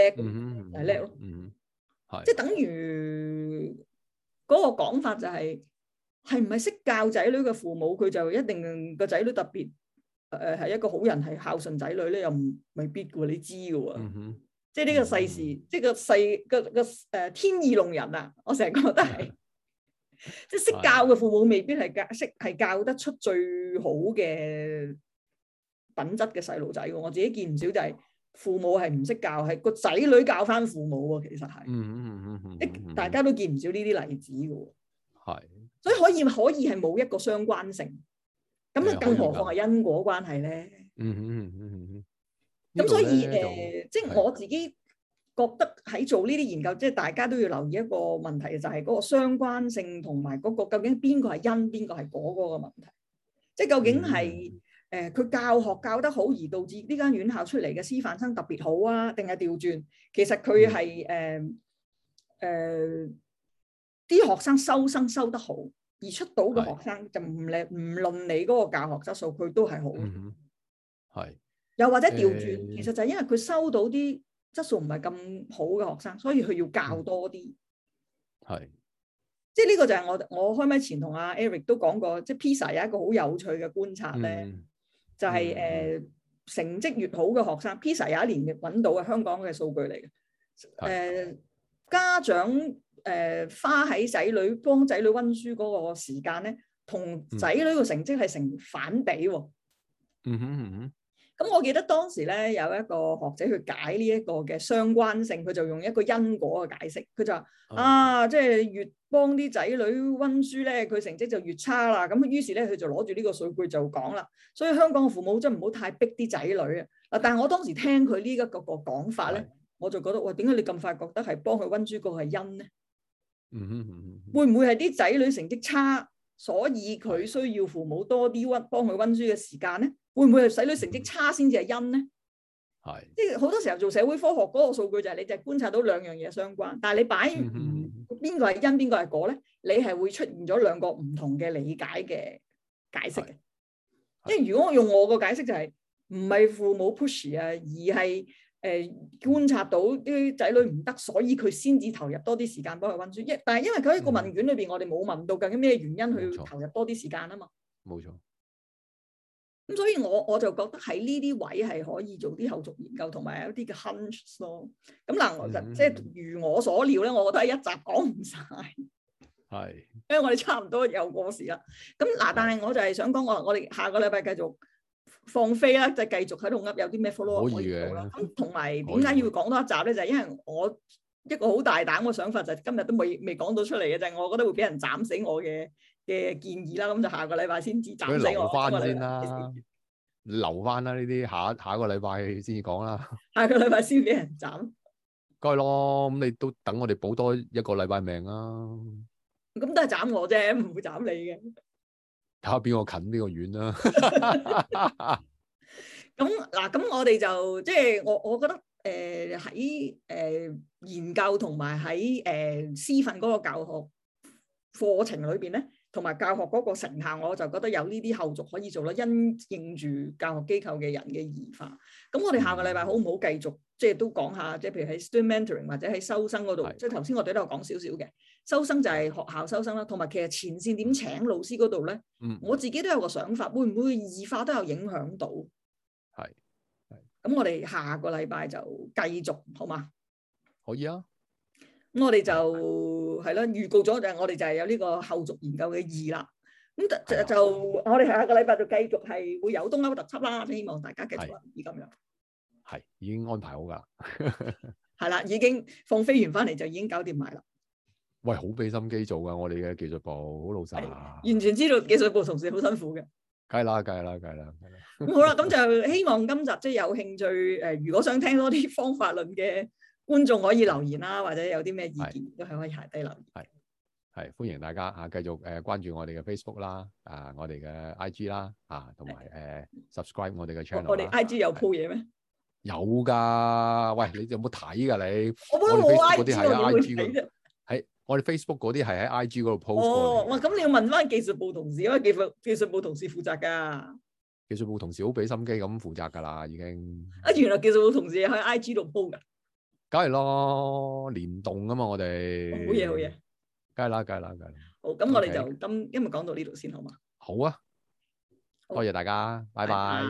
係叻咯。嗯，係，即係等於嗰個講法就係、是，係唔係識教仔女嘅父母，佢就一定個仔女特別誒係一個好人，係孝順仔女咧，又未必噶喎，你知噶喎。嗯哼，即係呢個世事，即係個世個個誒天意弄、弄人啊，我成日覺得係。即係識教嘅父母，未必係教識係的教得出最好嘅品質嘅細路仔嘅。我自己見唔少就係父母係唔識教，係個仔女教翻父母。其實係，實嗯，嗯嗯嗯嗯，一大家都見唔少呢啲例子嘅。係的，所以可以可以係冇一個相關性，咁啊的，更何況係因果關係咧。嗯嗯嗯嗯嗯。咁所以誒種、呃，即係我自己。覺得喺做呢啲研究，即係大家都要留意一個問題，就係、是、嗰個相關性同埋嗰個究竟邊個係因邊個係果嗰個問題。即係究竟係誒佢教學教得好而導致呢間院校出嚟嘅師範生特別好啊？定係調轉？其實佢係誒誒啲學生收生收得好，而出到嘅學生就唔理唔論、是、你嗰個教學質素，佢都係好。係、嗯。又或者調轉，嗯、其實就係因為佢收到啲。質素唔係咁好嘅學生，所以佢要教多啲。係、嗯，即係呢個就係我我開咪前同阿 Eric 都講過，即係 PISA 有一個好有趣嘅觀察咧，就係誒成績越好嘅學生，PISA 有一年搵到嘅香港嘅數據嚟嘅。誒、呃、是家長誒、呃、花喺仔女幫仔女温書嗰個時間咧，同仔女嘅成績係成反比喎、嗯。嗯哼嗯哼。咁我記得當時咧有一個學者去解呢一個嘅相關性，佢就用一個因果嘅解釋。佢就話：嗯、啊，即係越幫啲仔女温書咧，佢成績就越差啦。咁於是咧，佢就攞住呢個數據就講啦。所以香港嘅父母真唔好太逼啲仔女啊！嗱，但我當時聽佢呢一個個講法咧，是我就覺得：喂，點解你咁快覺得係幫佢温書個係因咧、嗯？嗯嗯嗯嗯。嗯會唔會係啲仔女成績差，所以佢需要父母多啲温幫佢温書嘅時間咧？會唔會係仔女成績差先至係因咧？係的，即係好多時候做社會科學嗰個數據就係你就係觀察到兩樣嘢相關，但係你擺邊、嗯、哼個係因邊個係果咧？你係會出現咗兩個唔同嘅理解嘅解釋嘅。的因為如果我用我個解釋就係唔係父母 push 啊，而係誒觀察到啲仔女唔得，所以佢先至投入多啲時間幫佢溫書。一但係因為佢喺個問卷裏邊，嗯、我哋冇問到究竟咩原因去投入多啲時間啊嘛。冇錯。咁、嗯、所以我，我我就覺得喺呢啲位係可以做啲後續研究，同埋有啲嘅 hunch 咯、嗯。咁嗱、嗯，即係如我所料咧，我覺得係一集講唔晒，係是，因為我哋差唔多又過時啦。咁嗱，但係我就係想講話，我哋下個禮拜繼續放飛啦，就係繼續喺度噏有啲咩 follow 可以做啦。咁同埋點解要講多一集咧？就係、是、因為我一個好大膽嘅想法就，就係今日都未未講到出嚟嘅，就係我覺得會俾人斬死我嘅。嘅建議啦，咁就下個禮拜先至斬我翻先啦，留翻啦呢啲下下個禮拜先至講啦，下個禮拜先俾人斬，該咯，咁你都等我哋補多一個禮拜命啦，咁都係斬我啫，唔會斬你嘅，睇下邊個近邊個遠啦。咁嗱，咁我哋就即係我我覺得誒喺誒研究同埋喺誒私訓嗰個教學課程裏邊咧。同埋教學嗰個成效，我就覺得有呢啲後續可以做咯，因應住教學機構嘅人嘅異化。咁我哋下個禮拜好唔好繼續，即係都講下，即係譬如喺 student mentoring 或者喺收生嗰度，是即係頭先我哋都講少少嘅收生就係學校收生啦。同埋其實前線點請老師嗰度咧，嗯、我自己都有個想法，會唔會異化都有影響到？係。咁我哋下個禮拜就繼續，好嘛？可以啊。咁我哋就。係啦，預告咗就係我哋就係有呢個後續研究嘅意啦。咁就，的就我哋下個禮拜就繼續係會有東歐特輯啦。希望大家繼續留意的。咁樣。係，已經安排好噶。係 啦，已經放飛完翻嚟就已經搞掂埋啦。喂，好俾心機做噶，我哋嘅技術部好老實。完全知道技術部同事好辛苦嘅。梗係啦，梗係啦，梗係啦。咁好啦，咁 就希望今集即係有興趣誒，如果想聽多啲方法論嘅。觀眾可以留言啦，或者有啲咩意見是都係可以排低留言。係係歡迎大家吓繼、啊、續誒關注我哋嘅 Facebook 啦、啊啊，啊我哋嘅 IG 啦吓，同埋誒 subscribe 我哋嘅 channel。我哋 IG 有鋪嘢咩？有噶，喂你有冇睇噶你 IG？我冇。我哋啲喺 IG 啫。喺我哋 Facebook 嗰啲，係喺 IG 嗰度 post。哦，哇，咁你要問翻技術部同事，因為技術技術部同事負責噶。技術部同事好俾心機咁負責噶啦，已經。啊，原來技術部同事喺 IG 度鋪噶。梗係咯，聯動啊嘛，我哋、哦、好嘢好嘢，梗係啦，梗係啦，梗係啦。好，咁我哋就今今日講到呢度先，好嘛？好啊，好多謝大家，拜拜。